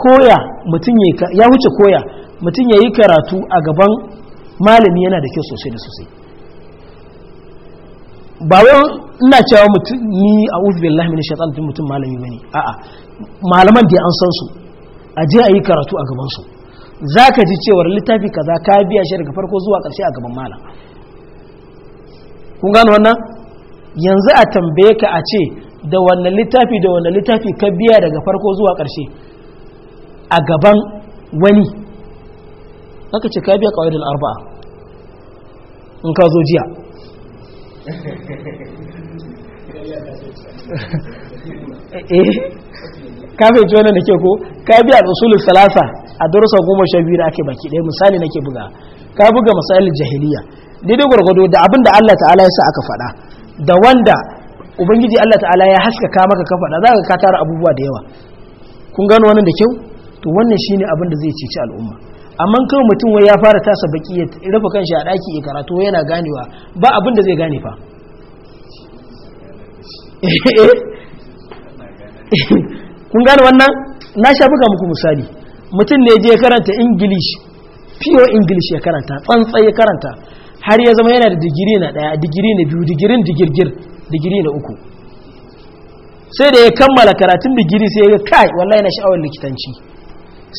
koya mutum ya wuce koya mutum ya yi karatu a gaban malami yana da kyau sosai da sosai ba wa ina cewa mutum ni a ufi billahi min shaitan tun mutum malami ne a'a malaman da an san su a je a yi karatu a gabansu su ka ji cewar littafi kaza ka biya shi daga farko zuwa ƙarshe a gaban malam kun gano wannan yanzu a tambaye ka a ce da wannan littafi da wannan littafi ka biya daga farko zuwa ƙarshe a gaban wani aka ce ka biya ƙawaidul arba'a in ka zo jiya <laughs> eh kafin ci wannan da ke ko ka biya usulul salasa a darussa goma sha biyu da ake baki ɗaya misali nake buga ka buga misalin jahiliya daidai gwargwado da abin da Allah ta'ala ya sa aka faɗa da wanda ubangiji Allah ta'ala ya haskaka maka ka da zaka ka tara abubuwa da yawa kun gano wannan da kyau to wannan shine abin da zai ceci al'umma amma kawai mutum wai ya fara tasa baki ya rufe kanshi a daki ya karatu yana ganewa ba abin da zai gane fa <laughs> kun gano wannan na sha buga muku misali mutum ne je karanta english pure english ya karanta tsantsa ya karanta har ya zama yana da digiri na daya digiri na biyu digirin digirgir digiri na uku sai da ya kammala karatun digiri sai ya kai wallahi na sha'awar likitanci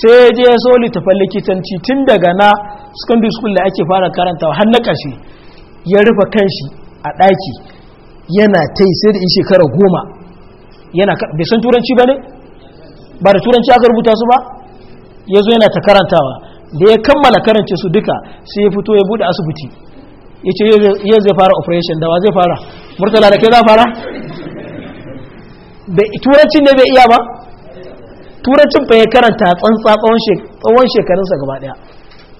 sai ya je ya so littafin likitanci tun daga na secondary school da ake fara karantawa har na ƙarshe ya rufe kanshi a ɗaki yana ta sai da in shekara goma yana bai san turanci ba ne ba da turanci aka rubuta su ba ya zo yana ta karantawa da ya kammala karance su duka sai ya fito ya buɗe asibiti Yace yau zai fara operation da wa zai fara murtala da ke za fara turancin ne bai iya ba turancin fa ya karanta tsantsa tsawon shekarunsa gaba daya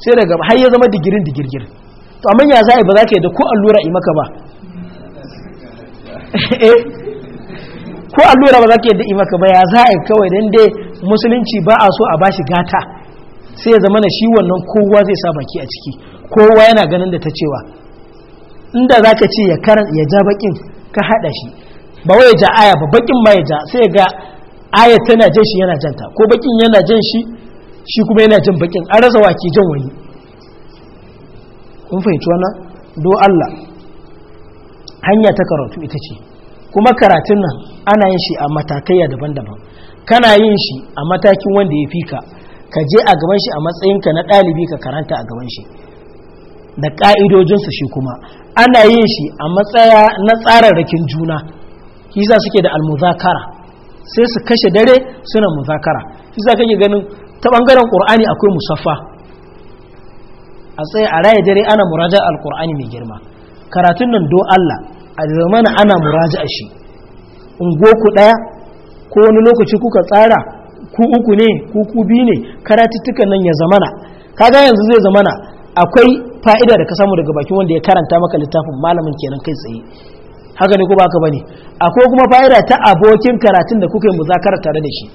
sai daga har ya zama digirin digirgir to amma ya za ba za ka yi da ko allura yi maka ba <laughs> eh, ko allura ba za ka yi da yi maka ba ya za kawai don dai musulunci ba a so a bashi gata sai ya zama na shi wannan kowa zai sa baki a ciki kowa yana ganin da ta cewa inda za ka ce ya karan ya ja bakin ka haɗa shi ba wai ja aya ba bakin ma ya ja sai ga aya tana jan shi yana janta ko bakin yana jan shi shi kuma yana jan bakin an rasa wake jan wani kun fahimci wannan do Allah hanya ta karatu ita ce kuma karatun nan ana yin shi a matakaiya daban-daban kana yin shi a matakin wanda ya fi ka ka je a gaban shi a matsayinka na ɗalibi ka karanta a gaban shi da ƙa'idojinsu shi kuma ana yin shi a matsaya na tsararrakin juna kisa suke da almuzakara sai su kashe dare suna muzakara hisa kake ganin ta bangaren ƙur'ani akwai musaffa a tsaye a raya dare ana muraja alqur'ani mai girma karatun nan do Allah a zamana ana muraja shi ungoku ɗaya ko wani lokaci kuka tsara ku uku ne ku ku biyu ne karatuttukan nan ya zamana kaga yanzu zai zamana akwai fa'ida da ka samu daga bakin wanda ya karanta maka littafin malamin kenan kai tsaye haka ne ko ba ka bane akwai kuma fa'ida ta abokin karatun da kuka yi muzakara tare da shi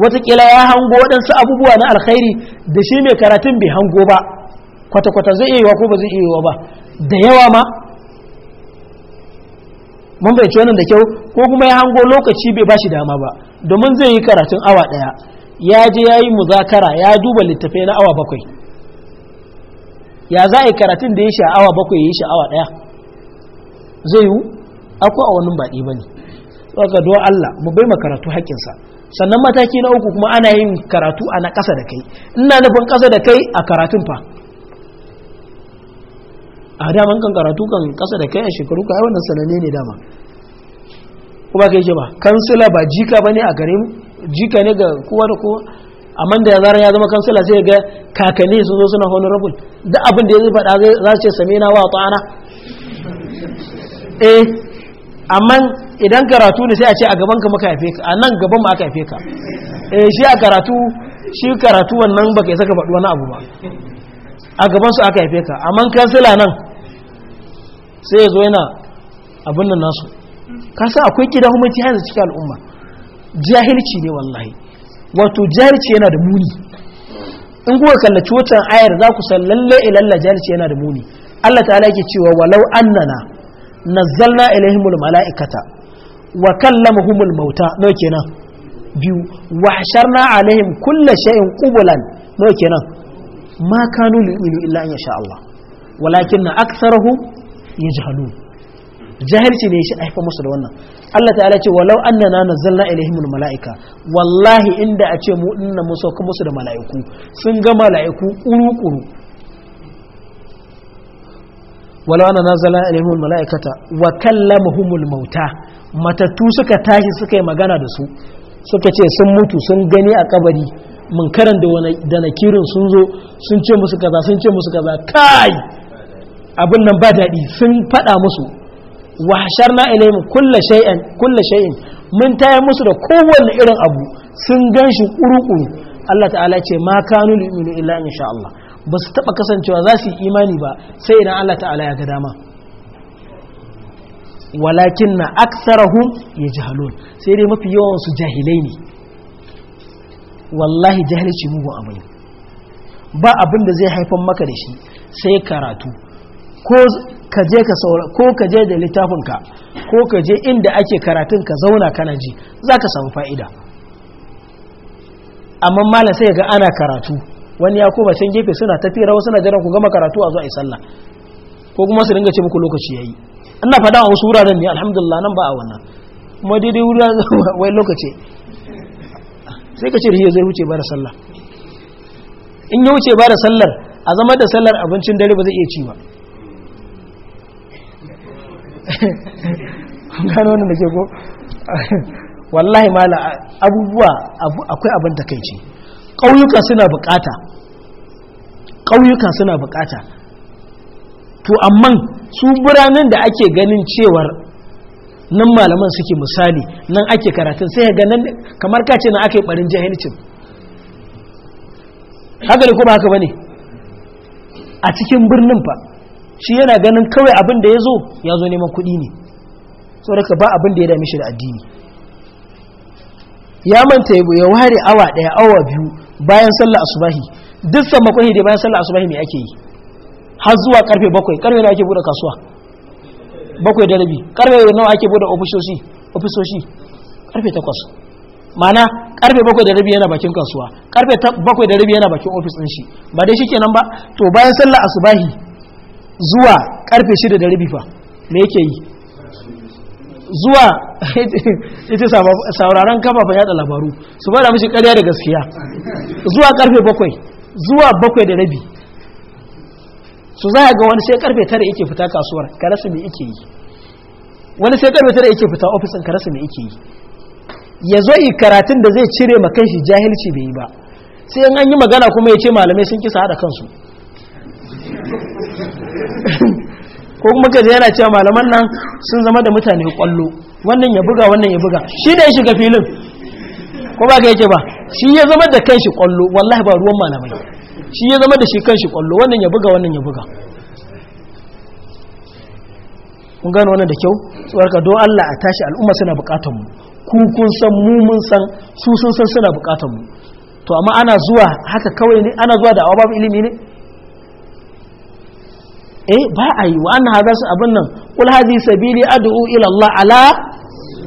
watakila ya hango waɗansu abubuwa na alkhairi da shi mai karatun bai hango ba kwata-kwata zai iya ko ba zai iya ba da yawa ma mun bai wannan da kyau ko kuma ya hango lokaci bai ba shi dama ba domin zai yi karatun awa ɗaya ya je ya yi muzakara ya duba littafai na awa bakwai ya za a yi karatun da ya sha'awa bakwai ya yi sha'awa ɗaya zai yi akwai a wani baɗi ba ne tsaka do Allah mu bai karatu haƙƙinsa sannan mataki na uku kuma ana yin karatu ana ƙasa da kai ina nufin ƙasa da kai a karatun fa a daman kan karatu kan ƙasa da kai a shekaru ka wannan sananne ne dama ko ba kai ba kansila ba jika ba ne a gare mu jika ne ga kowa da kowa amma da zara ya zama kansila sai ga kakanni su zo suna honorable duk abin da ya zai faɗa za su ce samina wa ta'ana eh amma idan karatu ne sai a ce a gaban ka muka haife ka a nan gaban mu aka haife ka eh shi a karatu shi karatu wannan ba kai saka faɗi wani abu ba a gaban su aka haife ka amma kansila nan sai ya zo yana abin nan nasu ka san akwai gida kuma ta yanzu cikin al'umma jahilci ne wallahi wato jahilci yana da muni in kuka kallaci wutan ayar za ku san lalle ilalla jahilci yana da muni Allah ta'ala yake cewa walau annana nazzalna ilaihimul mala'ikata wa kallamahumul mauta no kenan biyu wa hasharna alaihim kulla shay'in qubulan no kenan ma kanu yu'minu illa an sha Allah walakin aktharuhum yajhalun jahilci ne shi aifa musu da wannan Allah ta'ala ce walau annana nazzalna ilaihimul malaika wallahi inda a ce mu dinnan mu sauka musu da malaiku sun ga malaiku kuru-kuru walau annana nazzalna ilaihimul malaikata wa kallamuhumul mauta matattu suka tashi suka yi magana da su suka ce sun mutu sun gani a kabari mun karan da da nakirin sun zo sun ce musu kaza sun ce musu kaza kai abin nan ba daɗi sun faɗa musu wa hasharna ilayhim kulla shay'in kulla mun taya musu da kowanne irin abu sun ganshi kurukuru Allah ta'ala ce ma kanu yu'minu illa insha Allah ba su taba kasancewa za su yi imani ba sai idan Allah ta'ala ya ga dama walakin na aksarahum yajhalun sai dai mafi yawan su jahilai ne wallahi jahilci mugun abu ne ba abin zai haifar maka da shi sai karatu ko ka je ka saura ko ka je da littafinka ko ka je inda ake karatun ka zauna kana ji za ka samu fa'ida amma malam sai ga ana karatu wani ya koma can gefe suna tafi rawa suna jiran ku gama karatu a zuwa yi sallah ko kuma su dinga ce muku lokaci yayi ina faɗa a wasu wuraren ne alhamdulillah nan ba a wannan kuma daidai wuraren <laughs> wai lokaci sai ka ce rihe zai wuce bada sallah in ya wuce bada sallar a zama da sallar abincin dare ba zai iya ci ba gano wannan da ke ko wallahi mala abubuwa akwai abin da kai ce ƙauyuka suna bukata ƙauyuka suna bukata to amma su biranen da ake ganin cewar nan malaman suke misali nan ake karatun sai ga nan kamar kace nan aka yi barin jahilcin haka ne ko ba haka bane a cikin birnin fa shi yana ganin kawai abin da ya zo ya zo neman kuɗi ne so daga ba abin da ya dami shi da addini ya manta ya ware awa ɗaya awa biyu bayan sallah asubahi duk sammakon hidai bayan sallah asubahi mai ake yi har zuwa karfe bakwai karfe nawa ake bude kasuwa bakwai da rabi karfe nawa ake bude ofisoshi karfe takwas mana karfe bakwai da rabi yana bakin kasuwa karfe bakwai da rabi yana bakin ofis din shi ba dai shikenan ba to bayan sallah asubahi zuwa karfe shida da rabi fa me yake yi zuwa <laughs> ita sauraron kafafen yada labaru su bada mishi karya da gaskiya zuwa karfe bakwai zuwa bakwai da rabi su za a ga wani sai karfe tara yake fita kasuwar ka rasa me yake yi wani sai karfe tara yake fita ofisin ka rasa me yake yi ya zo yi karatun da zai cire ma jahilci bai yi ba sai an yi magana kuma ya ce malamai sun kisa da kansu ko kuma ka yana cewa malaman nan sun zama da mutane kwallo wannan ya buga wannan ya buga shi da ya shiga filin ko ba ka yake ba shi ya zama da kanshi kwallo wallahi ba ruwan malamai shi ya zama da shi kanshi kwallo wannan ya buga wannan ya buga kun gano wannan da kyau ka don Allah a tashi al'umma suna bukatar mu ku kun san mu mun san su sun san suna bukatar mu to amma ana zuwa haka kawai ne ana zuwa da awa babu ilimi ne eh ba a yi wa annaha za su abin nan qul hadhihi sabili ad'u ila Allah ala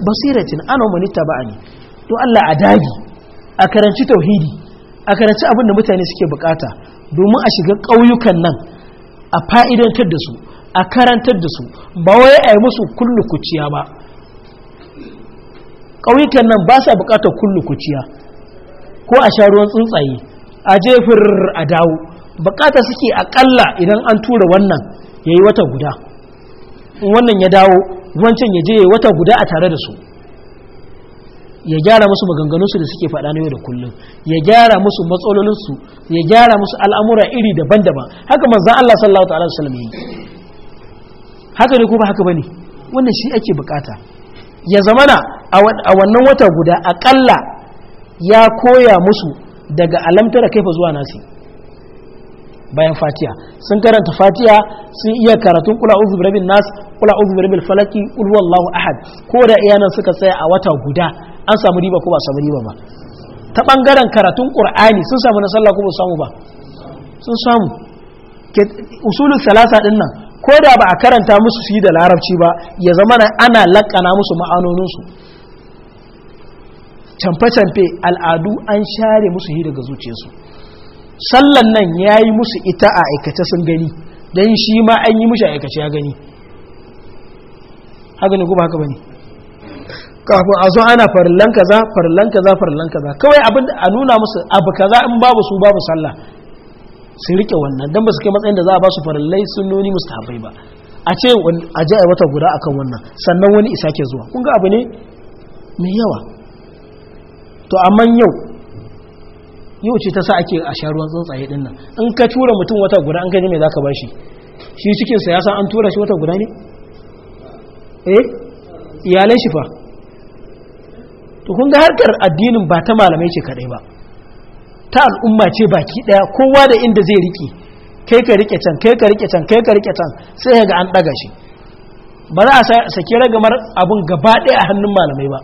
basiratin ana man ittaba'ani to Allah a dagi a karanci tauhidi a karanci abin da mutane suke bukata domin a shiga ƙauyukan nan a fa'idantar da su a karantar da su ba wai a yi musu kullu kuciya ba ƙauyukan nan ba sa bukatar kullu kuciya ko a sha ruwan tsuntsaye a jefir a dawo bukata suke akalla idan an tura wannan ya yi wata guda wannan ya dawo wancan ya je ya wata guda a tare da su ya gyara musu maganganunsu da suke faɗa na yau da kullum ya gyara musu matsalolinsu ya gyara musu al'amura iri daban-daban haka manzan Allah sallallahu ta'ala da ya yi haka ne ko ba haka bane wannan shi ake bukata ya zamana a wannan wata guda akalla ya koya musu daga alamtara kaifa zuwa nasi bayan fatiha sun karanta fatiha sun iya karatun kula uzu birabin nas kula uzu birabil falaki kul ahad ko da iyanan suka tsaya a wata guda an samu riba ko ba samu riba ba ta bangaren karatun qur'ani sun samu na sallah ko ba samu ba sun samu usulul salasa din nan ko da ba a karanta musu su yi da larabci ba ya zama ana lakana musu ma'anoninsu camfe-camfe al'adu an share musu yi daga zuciyarsu sallan nan ya yi musu ita a aikace sun gani don shi ma an yi mushi aikace ya gani haka ne kuma haka bane kafin a zo ana farillan kaza farillan kaza farillan kaza kawai abin a nuna musu abu kaza in babu su babu sallah su rike wannan don ba su kai matsayin da za a ba su farillai sunnoni mustahabai ba a ce a ji a wata guda akan wannan sannan wani isa ke zuwa kun ga abu ne mai yawa to amma yau yau ce ta sa ake a sharuwan tsuntsaye din nan in ka tura mutum wata guda an kaji mai za ka ba shi shi cikinsa ya san an tura shi wata guda ne eh iyalai shi fa to ga harkar addinin ba ta malamai ce kadai ba ta al'umma ce baki daya kowa da inda zai rike kai ka rike can kai ka rike can kai ka rike can sai ga an daga shi ba za a sake ragamar abun gaba daya a hannun malamai ba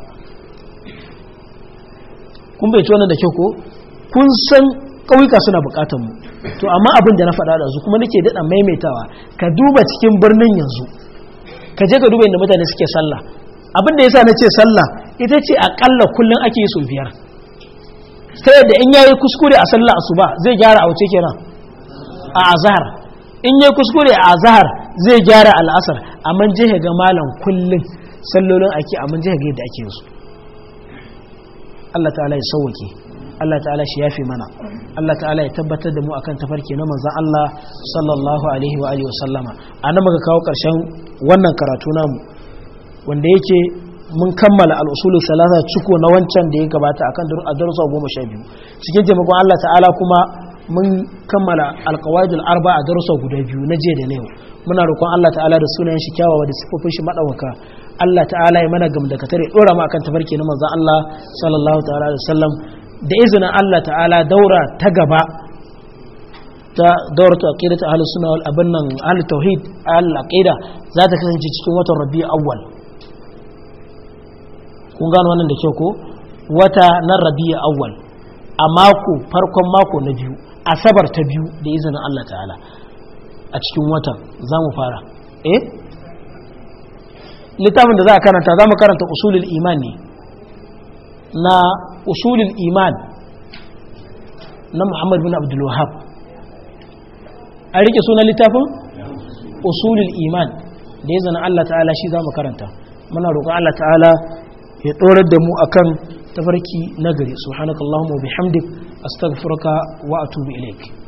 kun bai ci wannan da kyau ko kun san ƙauyuka suna buƙatar mu to amma abin da na faɗa da su kuma nake daɗa maimaitawa ka duba cikin birnin yanzu ka je ka duba inda mutane suke sallah abin da yasa na ce sallah ita ce aƙalla kullum ake yi sau biyar ta yadda in yayi kuskure a sallah asuba zai gyara a wace kenan a azhar in yayi kuskure a azhar zai gyara al'asar amma je ga malam kullum sallolin ake amma je ga yadda ake yin su Allah ta'ala ya sauwake Allah ta'ala shi yafi mana Allah ta'ala ya tabbatar da mu akan tafarki na manzon Allah sallallahu alaihi wa alihi wasallama anan muka kawo karshen wannan karatu namu wanda yake mun kammala al'usulu salasa ciko na wancan da ya gabata akan darussa goma sha biyu cikin taimakon Allah ta'ala kuma mun kammala alkawaidul arba a darussa guda biyu na jiya da na yau muna roƙon Allah ta'ala da sunayen shi kyawawa da sifofin shi madawaka Allah ta'ala ya mana gamdakatar tare dora mu akan tafarki na manzon Allah sallallahu ta'ala alaihi wasallam da izinin Allah ta'ala daura ta gaba ta daura ta aqida ta ahlus sunna wal abin nan ahlul tauhid al aqida za ta kasance cikin watan rabi awwal kun gano wannan da kyau ko wata na rabi awwal a mako farkon mako na biyu asabar ta biyu da izinin Allah ta'ala a cikin watan za mu fara eh littafin da za a karanta za mu karanta usulul iman ne na usulul iman na muhammad bin Abdulwahab an rike sunan littafin usulul iman da ya zana allah ta'ala shi za mu karanta muna roƙon allah ta'ala ya ɗorar da mu akan tafarki nagari subhanakallahumma bihamdik astaghfiruka wa atubu ilaik